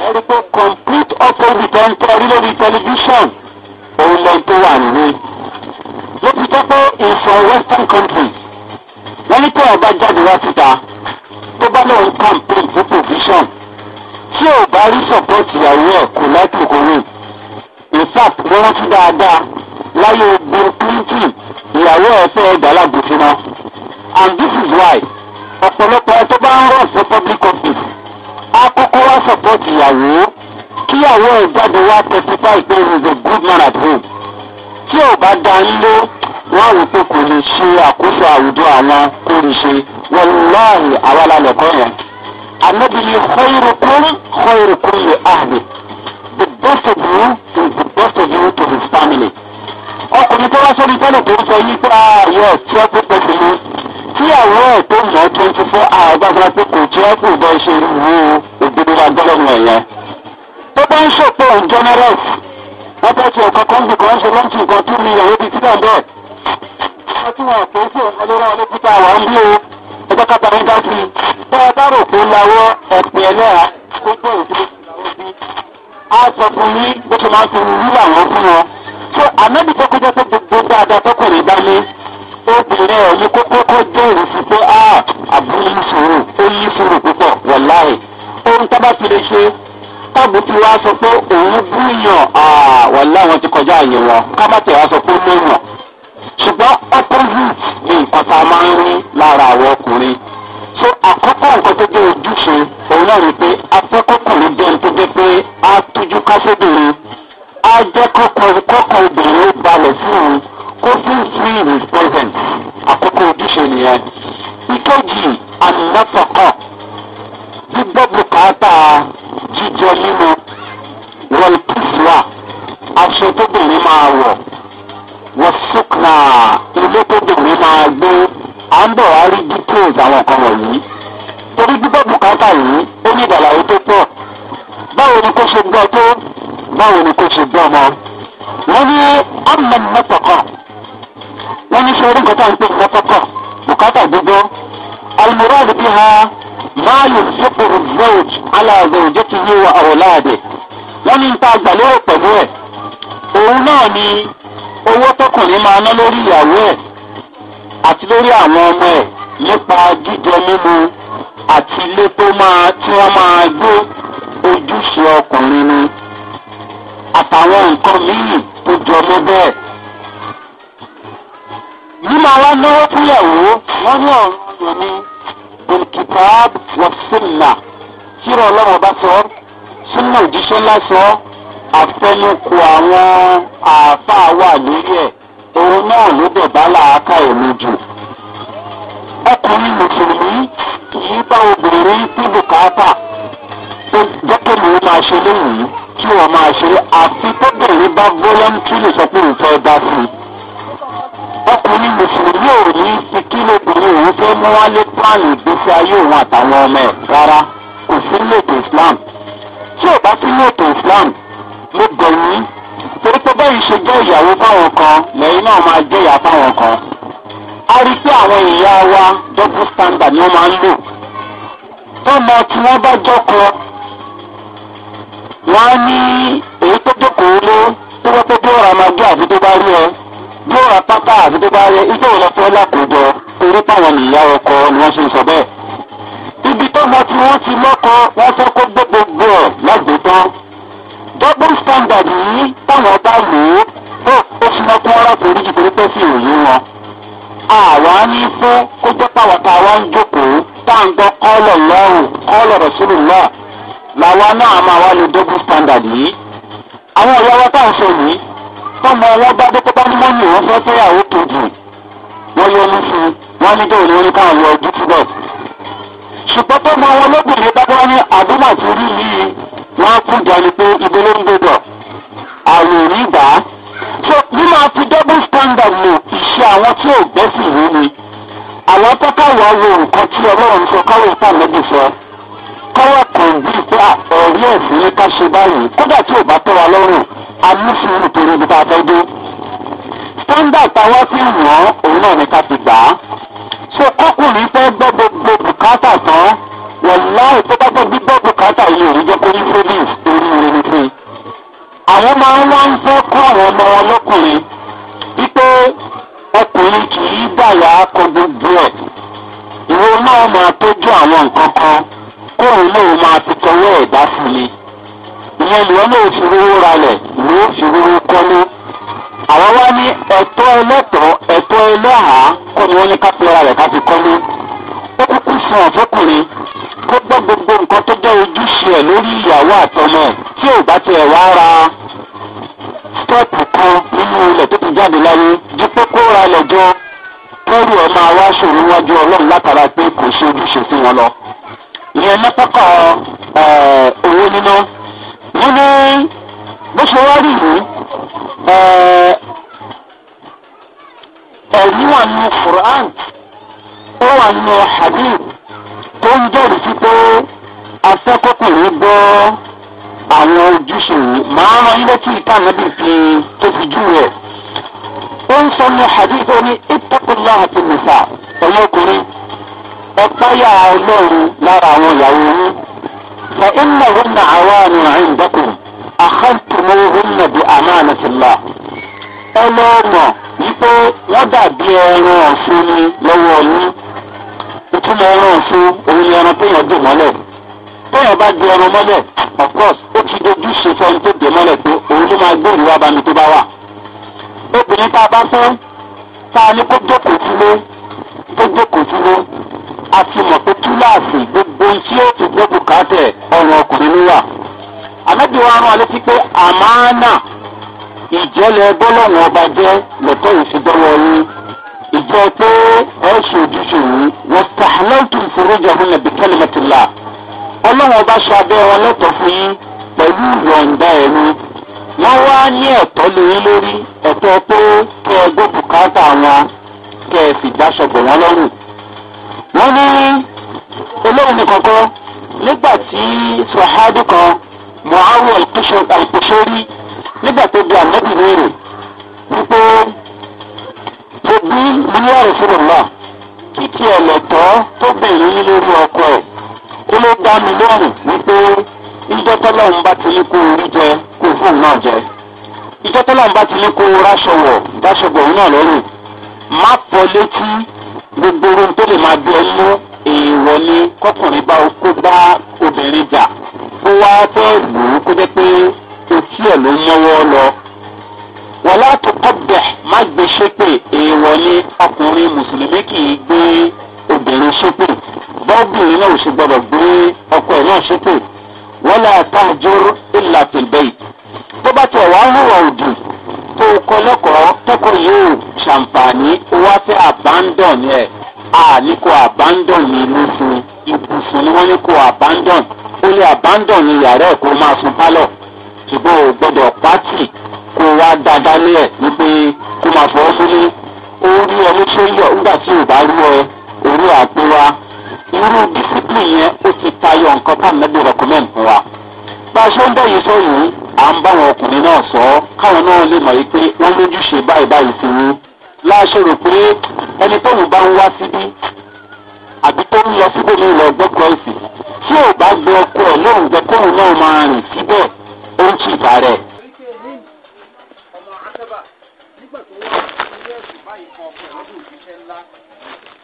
ẹ rí pé complete opposite ẹ̀ ń tẹ́ rí lórí tẹlifíṣàn òun lọ tó wà nílé. ló fi jẹ́ pé in some western countries wọ́n ní pé ọba jáde wá síta tó bá lóun campaign fún provision tí ò bá rí support ìyàwó ẹ̀ kò láìpẹ́ kò rìn. in fact wọ́n rántí dáadáa láyé ogun clinton ìyàwó ẹ̀ fẹ́ dàlágbèsè náà and this is why ọ̀pọ̀lọpọ̀ ẹ tó bá ń rọ̀ sọ́pọ́tì kọ̀pì á kọ́kọ́ wá sọ̀pọ́tì ìyàwó kíyàwó ẹ̀ jáde wá tẹ̀síta ìpè is a good man at home tí ò bá da ń lé wọn àwọn tó kò lè ṣe àkóso àwùjọ àwọn kò lè ṣe wọn lọ́ọ̀rì àwa la lẹ̀kọ́ yẹn anabi yi xoyrukun xoyrukun yi the best of you is the best of you to his family ọkùnrin tó wá sórí tẹ́lẹ̀ tó ń sọ yí pé ah yes twelve people to you tíyàwó ẹ̀ tó mọ̀ twenty four hours bá fẹ́ pé kò jẹ́ kó bọ́ ṣe wú ìgbìmọ̀ gọ́lọ́mọ̀ yẹn. tó bá ń ṣòpò on generous wọ́n fẹ́ ṣe ọ̀kan kan nìkan ṣe lọ́ǹtì nǹkan tó ní ìyàwó bíi títà bẹ́ẹ̀. wọ́n ti wọ̀n pé fún ọlọ́rọ̀ olókùtà àwọn ń bí o ẹgbẹ́ kápá ń dá sí i. bá a bá rò pé lawọ́ ẹ̀pẹ̀ ẹlẹ́ra tó gbọ́ òfin a sọ fún yín bó ṣe máa ń fi wúlò àwọn fún obìnrin ọ̀yìn kókó kó jẹ́rìí sí pé a ah, àbúrò ìṣòro ó yí ìṣòro púpọ̀ wọ̀láì ohun tábà ti lè ṣe táàbù ti wá sọ pé òun gúnyàn ah, wọ̀láì wọn ti kọjá àyè wọn kábàtì wá sọ pé ó lóyàn ṣùgbọ́n opposite ni nǹkan tá a máa ń rí lára àwọn ọkùnrin so àkọ́kọ́ nǹkan tó jẹ́ ojúṣe òun náà ni pé afẹ́kọ́kùnrin jẹ́ tó jẹ́ pé a tójú kásóbìnrin a jẹ́ kọ́kọ́ obìnrin balẹ̀ fún un causing swing with present àkókò ojúṣe nìyẹn. ìkejì àlùmọ́tọ̀kọ̀ gbígbọ́ bùkátà jíjọ nínú wọ́n kìsìlá aṣọ tóbìnrin máa wọ̀ wọ́n sùkùnà ilé tóbìnrin máa gbé à ń bọ̀ wá rí details àwọn kan wọ̀nyí. torí gbígbọ́ bùkátà yìí ó ní ìdàlàyé tó pọ̀ báwo ni kò ṣe gbọ́ tó báwo ni kò ṣe gbọ́ mọ́. wọ́n ní ọ̀nà mọ́tọ̀kọ̀. nǹkan nke à ń pè almurad ha máa yóò ala kúrò ti wa wọn nta àgbàlérò pẹ̀lú ẹ̀ òun náà ni owó tọkùnrin máa ná lórí ìyàwó ẹ̀ àti lórí àwọn ọmọ ẹ nípa jíjẹ mímu àti ilé tó máa tí máa gbé ojúṣe ọkùnrin ni àtàwọn mímọ wa náwó fúnyàwó wọn ní ọ̀run yẹn ní olùkìtàb wọ̀sùnà kíra ọlọ́run ọba sọ súnà òjíṣẹ́ ńlá sọ àfẹnukù àwọn àáfàá wà lórí ẹ̀ òun náà ló bẹ̀ bá làákà ẹ̀mí jù. ọkùnrin mùsùlùmí kì í bá obìnrin ní bùkátà tó jẹ́kẹ́ ló máa ṣe léwu kí wọ́n máa ṣe àfi tó bẹ̀rẹ̀ bá gbólẹ́ńtì lè sọ pé òun fẹ́ dá sí i ọkùnrin mùsùlùmí ò ní ti kí lóbìnrin òun fẹ́ mú wálé pààyàn ìgbésí ayé òun àtàwọn ọmọ ẹ̀ rárá kò sí lóòtò islam tí ò bá sí lóòtò islam ló gbẹ̀yìn torí pé báyìí ṣe jẹ́ ìyàwó fáwọn kan lẹ́yìn náà máa jẹ́ ìyá fáwọn kan a rí pé àwọn ìyá wa double standard ni wọ́n máa ń lò tọ́mọ tí wọ́n bá jọ́kọ wọ́n á ní èyí tó jókòó ló tó bá tó bí ọ̀rọ̀ àmàgbé àti tó bá rí ẹ. bọ́ọ̀rọ̀ apáta àti tó bá yẹ iṣẹ́ torí táwọn ìyá ọkọ ni wọ́n ṣe ń sọ bẹ́ẹ̀. ibi tọ́mọ tí wọ́n ti lọ́kọ wọ́n fẹ́ kó gbé gbogbo ẹ̀ lágbèétán. double standard yìí táwọn bá lò ó ó fi mọ́ torí tọmọ wọn bá dé bá ní mọ́nì wọn fẹ́ fẹ́yàwó kejì wọ́n yọ ní sí wọ́n ní bẹ́ẹ̀ ni wọ́n ní lọ ojú tí ṣùgbọ́n tọmọ wọn lóbìnrin bá wọ́n ní àdúrà tí rí yìí wọ́n kú jọ pé ibi ló ń gbẹdọ̀ àrùn ò ní gbà á. so bí máa fi double standard lò iṣẹ́ àwọn tí ò gbẹ́sì rí ni àwọn tọ́ka wà wo nǹkan tí ọlọ́run sọ káwọn ìpàmẹ́bí sọ kọ́wọ́ kan bíi pé ẹ̀rí ẹ̀sìn ní ká ṣe báyìí kódà tí ò bá tẹ́ wa lọ́rùn a ní sùúrù torí ibi tá a fẹ́ dé. standard táwa fi wọ́n òun náà ni ká ti gbà á. so ọkùnrin fẹ́ gbọ́ gbogbo bùkátà tán wọ̀láì tó bá gbọ́ gbígbọ́ bùkátà yìí ò ní jẹ́ kó ní savings torí ire ni fún un. àwọn máa ń wá ń fẹ́ kọ́ àwọn ọmọ wọn lọ́kùnrin wípé ọkùnrin kì í dàyà kọ gbogbo ẹ̀ ìwọ náà máa tójú àwọn nǹkan kan kóòrò lóò máa fi tọwọ́ ẹ̀ dá fún mi ìyẹn lùwọ́ lóò fi rówó ralẹ̀ lóò fi rówó kọ́lé àwọn wá ní ẹ̀tọ́ ẹlẹ́tọ̀ọ́ ẹ̀tọ́ ẹlẹ́hàá kọ́ ni wọ́n ní ká fi ra rẹ̀ ká fi kọ́lé ó kúkú fún ọ̀fọ́kùnrin kó gbọ́ gbogbo nǹkan tó jẹ́ ojúṣe ẹ̀ lórí ìyàwó àtọmọ tí ò bá tiẹ̀ wá ra stẹ́ẹ̀pù kan nínú ilẹ̀ tó ti jáde láyé ju pé kó ra lẹ̀ kẹ́rù ẹ̀ máa wá ọlọ́run látara pé kò ṣe ojúṣe sí wọn lọ ìyẹn mẹ́tọ́kọ̀ owó nínú wọ́n ní bó ṣe wá rí yìí ẹ̀rí wà nínú quran ó wà nínú hadith tó ń jẹ́rìí sí pé afẹ́kọ̀kùnrin gbọ́ àwọn ojúṣe yìí máa ń rán létí ìta níbi fi tó fi jú rẹ̀ ó ń sọ ní hadith ó ní ìtàkùnlá àti nìfà ẹ̀yọkùnrin ẹ̀páyà ọlọ́run lára àwọn ìyàwó yín. fa iná hunna àwa ni àìn dẹ́kun àkàntúmọ̀ hunna bí àmàna ti là. ẹ lọ mọ̀ wípé wọ́n dàbí ẹran ọ̀ṣun ni lọ́wọ́ yín. ìtumọ̀ ẹran ọ̀ṣun òun ni ẹran téèyàn dè mọ́lẹ̀. téèyàn bá di ẹran mọ́lẹ̀ of course ó ti dojú ṣe fẹ́ni tó dè mọ́lẹ̀ pé òun ló máa gbóòrò wá bá tó bá wà. obìnrin tá a bá fẹ́ tá a kó jókòó sílé kó jókòó sílé àti mọ̀ pé gbogbo tí ó ti gbọ́ bùkátẹ̀ ọ̀rọ̀ ọkùnrin níwà. àmẹ́bí wa rán alẹ́ sí pé àmàánà ìjẹ́lẹ̀ bọ́lọ́wọ́n ọba jẹ́ lọ́tọ́ ìfidọ́wọ́ yín ìjọ pé ẹ ṣe ojúṣe yìí wọ́n tàhálẹ́ǹtì ìforójà fún ẹbí kẹ́lẹ́mẹ́tìlá ọlọ́run ọba ṣe abẹ́ wọn lẹ́tọ̀ọ́ fún yín pẹ̀lú ìyọ̀ǹda ẹ̀mí wọ́n wá ní ẹ̀tọ́ lórí lórí ẹ̀tọ́ pé kẹ́ ẹ gbọ́ bùkátà wọn kẹ́ ẹ lọ́rùn. wọ́n ní olóhùn ní kọ̀ọ̀kan nígbà tí sọ̀hádì kan muhawu alkishori nígbà tó di ànábì léèrè wípé tóbi nílé àrùsọ̀rọ̀lá kí tiẹ̀ lẹ̀tọ́ tó bẹ̀rẹ̀ yín lórí ọkọ ẹ̀ ó ló dá mi lóhùn wípé ìjọ tọ́lọ́run bá ti ní kó orí jẹ kó fóun náà jẹ ìjọ tọ́lọ́run bá ti kó raṣọ wọ̀ dáṣọ gbọ̀n náà lọ́rùn má pọ̀ létí gbogbo ohun tó lè máa bí ọmú èèwọ̀ ni kọkùnrin bá kó bá obìnrin jà kó wá fẹ́ lù ú kó jẹ́ pé etí ẹ̀ ló yánwọ́ lọ. wọ́n láti kọ́bẹ̀ má gbé ṣépè èèwọ̀ ni ọkùnrin mùsùlùmí kì í gbé obìnrin ṣépè bọ́ọ̀bìnrin náà ò ṣe gbọ́dọ̀ gbé ọkọ ẹ̀ náà ṣépè wọ́n láti àjọrò ìlà tó bá tẹ̀ wá hùwà òdì kó o kọ lẹ́kọ̀ọ́ tẹ́kọ̀ọ́ yóò ṣàǹfààní o wá fẹ́ abandon ẹ̀ a ní kó abandon ní ilé fún ibùsùn ni wọ́n ní abandon ó lè abandon ní yàrá ẹ̀ kó máa sun pálọ̀ ṣùgbọ́n o gbọ́dọ̀ pátì kó wá dáadáa lé ẹ̀ wípé kó o máa fọwọ́ fún ní orí ọmú tó yọ nígbà tí ò bá rú ti tayọ nǹkan tá wa. bá a ṣe ń bẹ̀ yìí sọ yìí à ń bá àwọn ọkùnrin náà sọ káwọn náà lè mọ̀ pé wọ́n lójúṣe báyìí báyìí ti wú láṣẹ rò pé ẹni tóun bá ń wá síbí àbí tó ń lọ síbò ní ìlọ gbọ́kọ̀ ẹ̀sìn tí ò bá gbẹ ọkọ ẹ̀ lóun jẹ kóun náà máa rìn síbẹ̀ ó ń tì bá rẹ̀.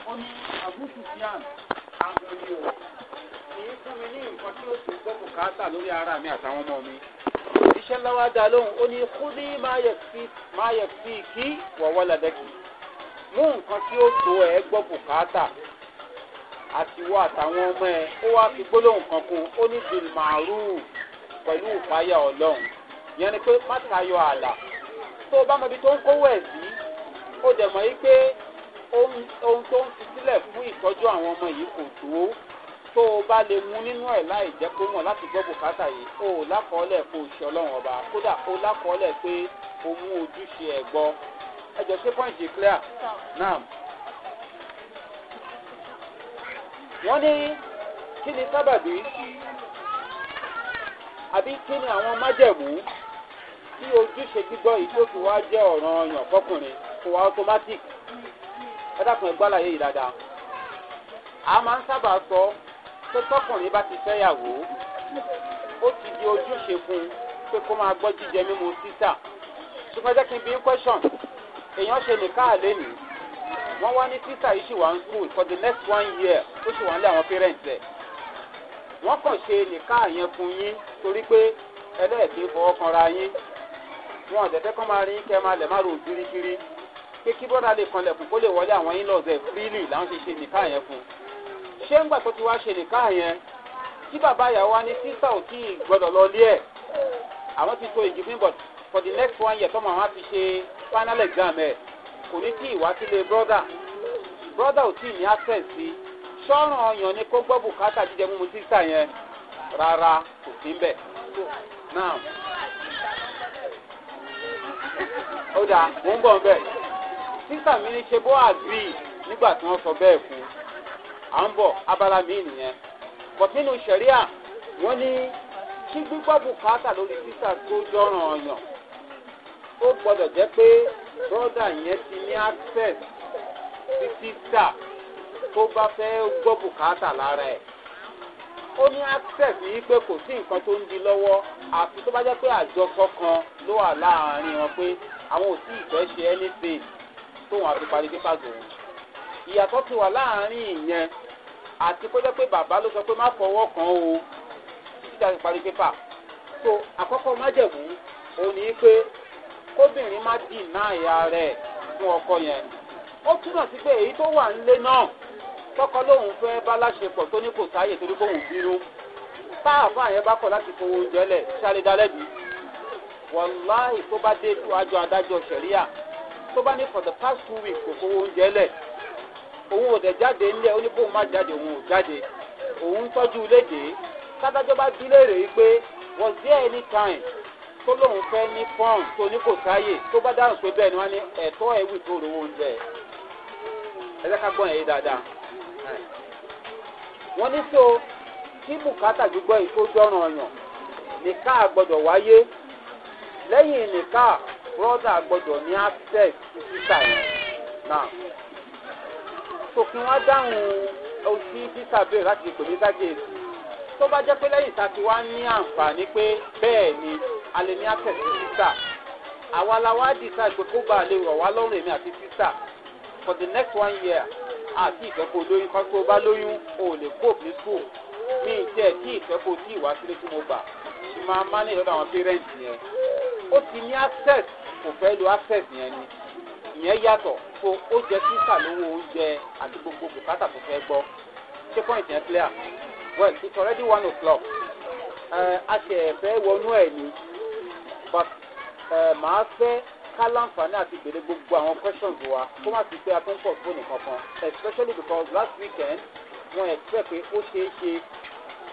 ó ní àbúrò sùfìàn àwọn ọmọ àwọn tí ó ti gbọ́ bùkátà lórí ara mi àtàwọn ọmọ mi iṣẹ́ ńlá wa dá lóhùn ó ní kúndí máa yẹ fi kí wọ̀wọ́ lẹ́dẹ́kì mú nǹkan tí ó tó ẹ gbọ́ bùkátà àtiwọ àtàwọn ọmọ ẹ ó wá fi gbólóhùn kan kún ó ní bíi màálù pẹ̀lú ìpáyà ọlọ́run ìyẹn ni pé má tayọ ààlà tó o bá mọbi tó ń kówó ẹ̀ sí ó dẹ̀ mọ̀ yí pé ohun tó ń fi sílẹ̀ fún ìtọ́jú àwọn ọmọ yìí kò tó tó o bá lè mú nínú ẹ̀ láì jẹ́ kó mọ̀ láti gbọ́ bùkátà yìí o ò lákọọ́lẹ̀ kó o ṣe ọlọ́run ọba kódà o lákọọ́lẹ̀ pé o mú ojúṣe ẹ̀ gbọ́ ẹ jọ sí point clear now. wọ́n ní kí ni sábàbí àbí kí ni àwọn májẹ̀mú tí ojúṣe gbígbọ́ yìí tó fi wá jẹ́ ọ̀ràn ọyàn fọkùnrin kò wá automatic ẹ dákun ẹ gbọ́ àlàyé yìí dáadáa a máa ń sábà sọ pé tọkùnrin bá ti fẹ́yàwó ó ti di ojúṣe fún un pé kó máa gbọ́ jíjẹ mímu títà ṣùgbọ́n jẹ́ kí n bí í question èèyàn ṣe lè káàlẹ́ nìí wọ́n wá ní títà yìí ṣì wà ń school for the next one year ó ṣì wà ń lé àwọn parents ẹ̀ wọ́n kàn ṣe nìka yẹn fún yín torí pé ẹlẹ́ẹ̀kí fọwọ́ kan ra yín wọn ọ̀dẹ̀dẹ̀ kan máa rí kẹ́ máa lẹ̀ má ro kirikiri pé kí bọ́dà lè kanlẹ̀kùn kó lè wọlé àwọn in-laws freely làwọn ṣe ṣe nìka yẹn fún un ṣé ńgbà tó ti wá ṣe nìkan yẹn tí bàbá ìyàwó wa ní sísá ò tí ì gbọdọ̀ lọ lé ẹ̀ àwọn ti tó ìjìnbí but for the next one year tọ́mọ àwọn á ṣe final exam ẹ̀ kò ní tí ì wá sílé brother brother ò tí ì ní access sí sọ́run ọyàn ni kó gbọ́ bùkátà jíjẹ mímu sísá yẹn rárá kò sí ń bẹ̀ now ó dà mò ń bọ̀ ń bẹ̀ sísá mi ní ṣe bó àgbì nígbà tí wọ́n sọ bẹ́ẹ̀ fún un à ń bọ̀ abala míì nìyẹn but nínú sẹ̀ríà wọ́n ní kí gbígbọ́ bùkátà lórí sísà tó dọ́ràn ọ̀yàn ó gbọ́dọ̀ jẹ́ pé brọ́dà yẹn ti ní access sí sísà tó bá fẹ́ gbọ́ bùkátà lára ẹ̀ ó ní access yìí pé kò sí nǹkan tó ń di lọ́wọ́ àfi tó bá jẹ́ pé àjọsọ kan ló wà láàárín wọn pé àwọn ò tí ì fẹ́ ṣe anything tóun àti parí pípàzò wọn ìyàtọ̀ ti wà láàrin ìyẹn àti kó pé bàbá ló sọ pé má fọwọ́ kan o títí a fi parí pépà so àkọ́kọ́ májẹ̀mú òní pé kóbìnrin má dì náà ìyá rẹ̀ fún ọkọ yẹn ó túmọ̀ sí pé èyí tó wà nílé náà tọkọ lóun fẹ́ bá láṣepọ̀ tó ní kò sáàyè torí kóun bínú táàfà yẹn bá kọ̀ láti fowó oúnjẹ lẹ̀ sáré dálẹ́bi wọláì tó bá dé àjọ adájọ sẹ̀ríà tó bá ní for the past two weeks kò fowó oúnjẹ òun ò dẹ̀ jáde ńlẹ̀ ó ní bóun má jáde òun ò jáde òun tọ́jú léde sádájọ́ bá bí léèrè was there any time tó lóun fẹ́ ní fọ́ọ̀n tó ní kò sáyè tó bá dáhùn pé bẹ́ẹ̀ ni wọ́n ní ẹ̀tọ́ ẹ̀ tó rówó oúnjẹ ẹ̀ ẹ̀ ká gbọ́n dáadáa wọ́n ní so bùkátà gbígbọ́ yìí so kí wọ́n dáhùn ojú títà bẹ́ẹ̀ láti pè ní sájèsì tó bá jẹ́ pé lẹ́yìn tá wá ní àǹfààní pé bẹ́ẹ̀ ni a ní àtẹ̀sí títà àwa la wá dì sáà pé kó bàa lè rọ̀ wá lọ́rùn èmi àti títà for the next one year àti ìfẹ́kọ̀ọ́ lóyún kan tó bá lóyún o lè cope ní school ní ìtẹ́ tí ìfẹ́kọ̀ọ́ tí ìwà sílé tí mo gbà ti máa manage lọ́dọ̀ àwọn parents yẹn ó ti ní access kò fẹ́ lo access yẹn ni ìyẹn yàtọ̀ so ó títà lówó oúnjẹ àti gbogbo bùkátà tó fẹ́ gbọ́ ṣé point yẹn clear well it's already one o'clock a ti ẹ̀ fẹ́ wọnú ẹ̀ ni but màá fẹ́ ká láǹfààní àti gbèrè gbogbo àwọn questions wa kó má sì pé a tó ń pọ̀ fóònù kankan especially because last weekend wọn expect pé ó ṣeé ṣe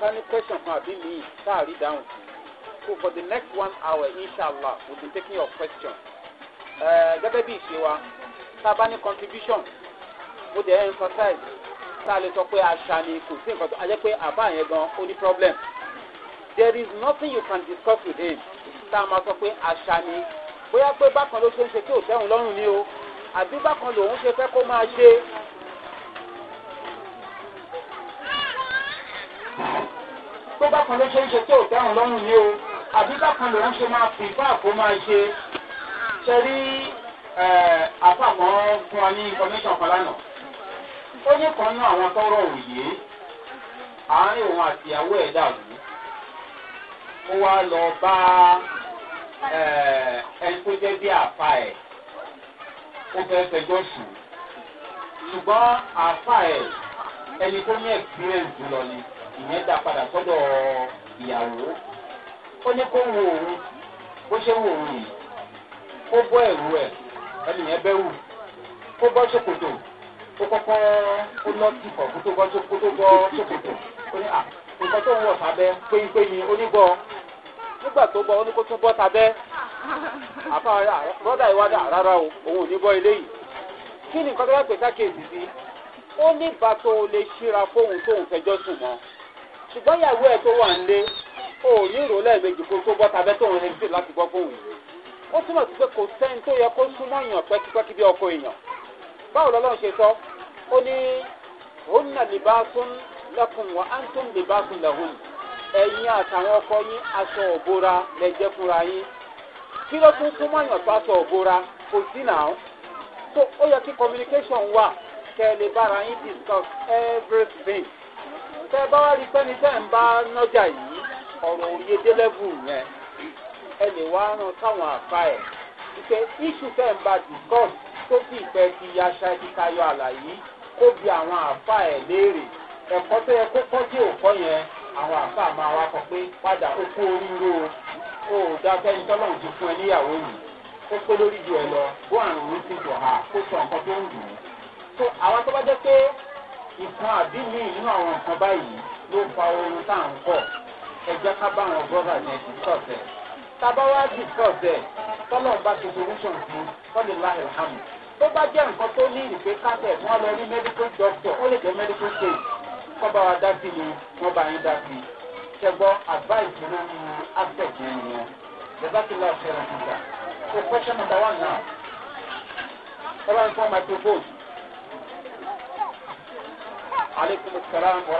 ká ní question kan àbí mi táà rí dáhùn so for the next one hour inshallah we'll be taking your questions gẹ́gẹ́ bí ìṣe wa tá a bá ní contribution mo dẹ̀ emphasize tá a lè sọ pé àṣà ni kò sí nǹkan tó a jẹ́ pé àbá yẹn gan ó ní problem there is nothing you can discuss with him tá a máa sọ pé àṣà ni bóyá pé bákan ló ṣe ń ṣe tí ò tẹ́hùn lọ́rùn ni o àbí bákan lòun ṣe fẹ́ kó máa ṣe. pé bákan ló ṣe ń ṣe tí ò tẹ́hùn lọ́rùn ni o àbí bákan lòun ṣe máa fìfà kó máa ṣe ṣẹ̀rí àpapọ̀ fún wa ní information kan lánàá ó ní kan náà àwọn tọrọ òye àárín òun àti ìyàwó ẹ̀ dàrú ó wá lọ bá ẹni tó jẹ́ bí àfa ẹ̀ ó fẹ́ fẹjọ́ sùn ṣùgbọ́n àfa ẹ̀ ẹni tó ní experience jùlọ ni ìyẹn dà padà sọ́dọ̀ ìyàwó ó ní kó wo òun bó ṣe wo òun yìí kó bọ́ ẹ̀rù ẹ̀ ẹnìyẹn bẹ́ wù kó bọ́ ṣòkòtò kó kọ́kọ́ kó lọ sí ìfọ̀ kó tó bọ́ ṣòkòtò ó ní à nǹkan tó ń wọ̀ sábẹ́ péńpé ni onígbọ́ nígbà tó bọ́ ó ní kó tún bọ́ sábẹ́ àfa rọ́dà ìwádà rárá o òun ò ní bọ́ eléyìí kí ni nǹkan tó bá pè sákèjì sí ó ní bàtò lè ṣíra fóun tóun fẹjọ́ sùn mọ́ ṣùgbọ́n ìyàwó ẹ̀ tó wà ń lé òòrí ìrò lẹ́ẹ̀mejì kó tó bọ́ sábẹ́ tóun ẹ̀ ń sè láti gbọ́ fóun yìí ó túmọ̀ sí pé kò sẹ́ni tó yẹ kó súnmọ́ èèyàn pẹ́kípẹ́kí bí ọkọ èèyàn báwo lọ́lọ́run ṣe sọ ó ní hunna libasun lakum wa antum libasun lahun ẹ̀yin àtàwọn ọkọ yín aṣọ òbora lẹ́jẹ́ fúnra yín kí ló tún súnmọ́ èèyàn tó aṣọ òbora kò sí náà so ó yẹ kí communication wà kẹ́ ẹ lè bára yín discuss everything tẹ́ ẹ bá wá rí pẹ́ni tẹ́ ẹ ń bá nọ́jà yìí ọ̀rọ̀ òye délẹ́bù yẹn. ẹnì wa ràn sáwọn àfa ẹ̀ ìpè iṣu fẹ́ ń bá discuss tó sì fẹ́ ti àlàyé kó bi àwọn àfa ẹ̀ léèrè ẹ̀kọ́ tó yẹ kó sí yẹn àwọn àfa máa wá padà ó o ó dákẹ́ ní tọ́lọ́run ti fún ẹ níyàwó yìí ó pé lórí ju ẹ lọ bó àrùn ti kó tó ń dùn ún. so àwọn tó bá pé àbí mi nínú báyìí ló fa tá à tabawa discuss ẹ tọ́lọ̀ bá ṣe solution sí kọ́lé láì hàmù tó bá jẹ́ nǹkan tó ní ìpè kásẹ̀ wọ́n lọ rí medical doctor ó lè jẹ́ medical stage kọ́ bá wa dá sí ni wọ́n bá yín dá sí ṣẹgbọ́ advice ló ní aspect yẹn nìyẹn bẹ́ẹ̀ kí lọ́ọ́ ṣe rẹ̀ nígbà so question number one now ẹ bá ń fọ́ microphone. عليكم السلام ورحمة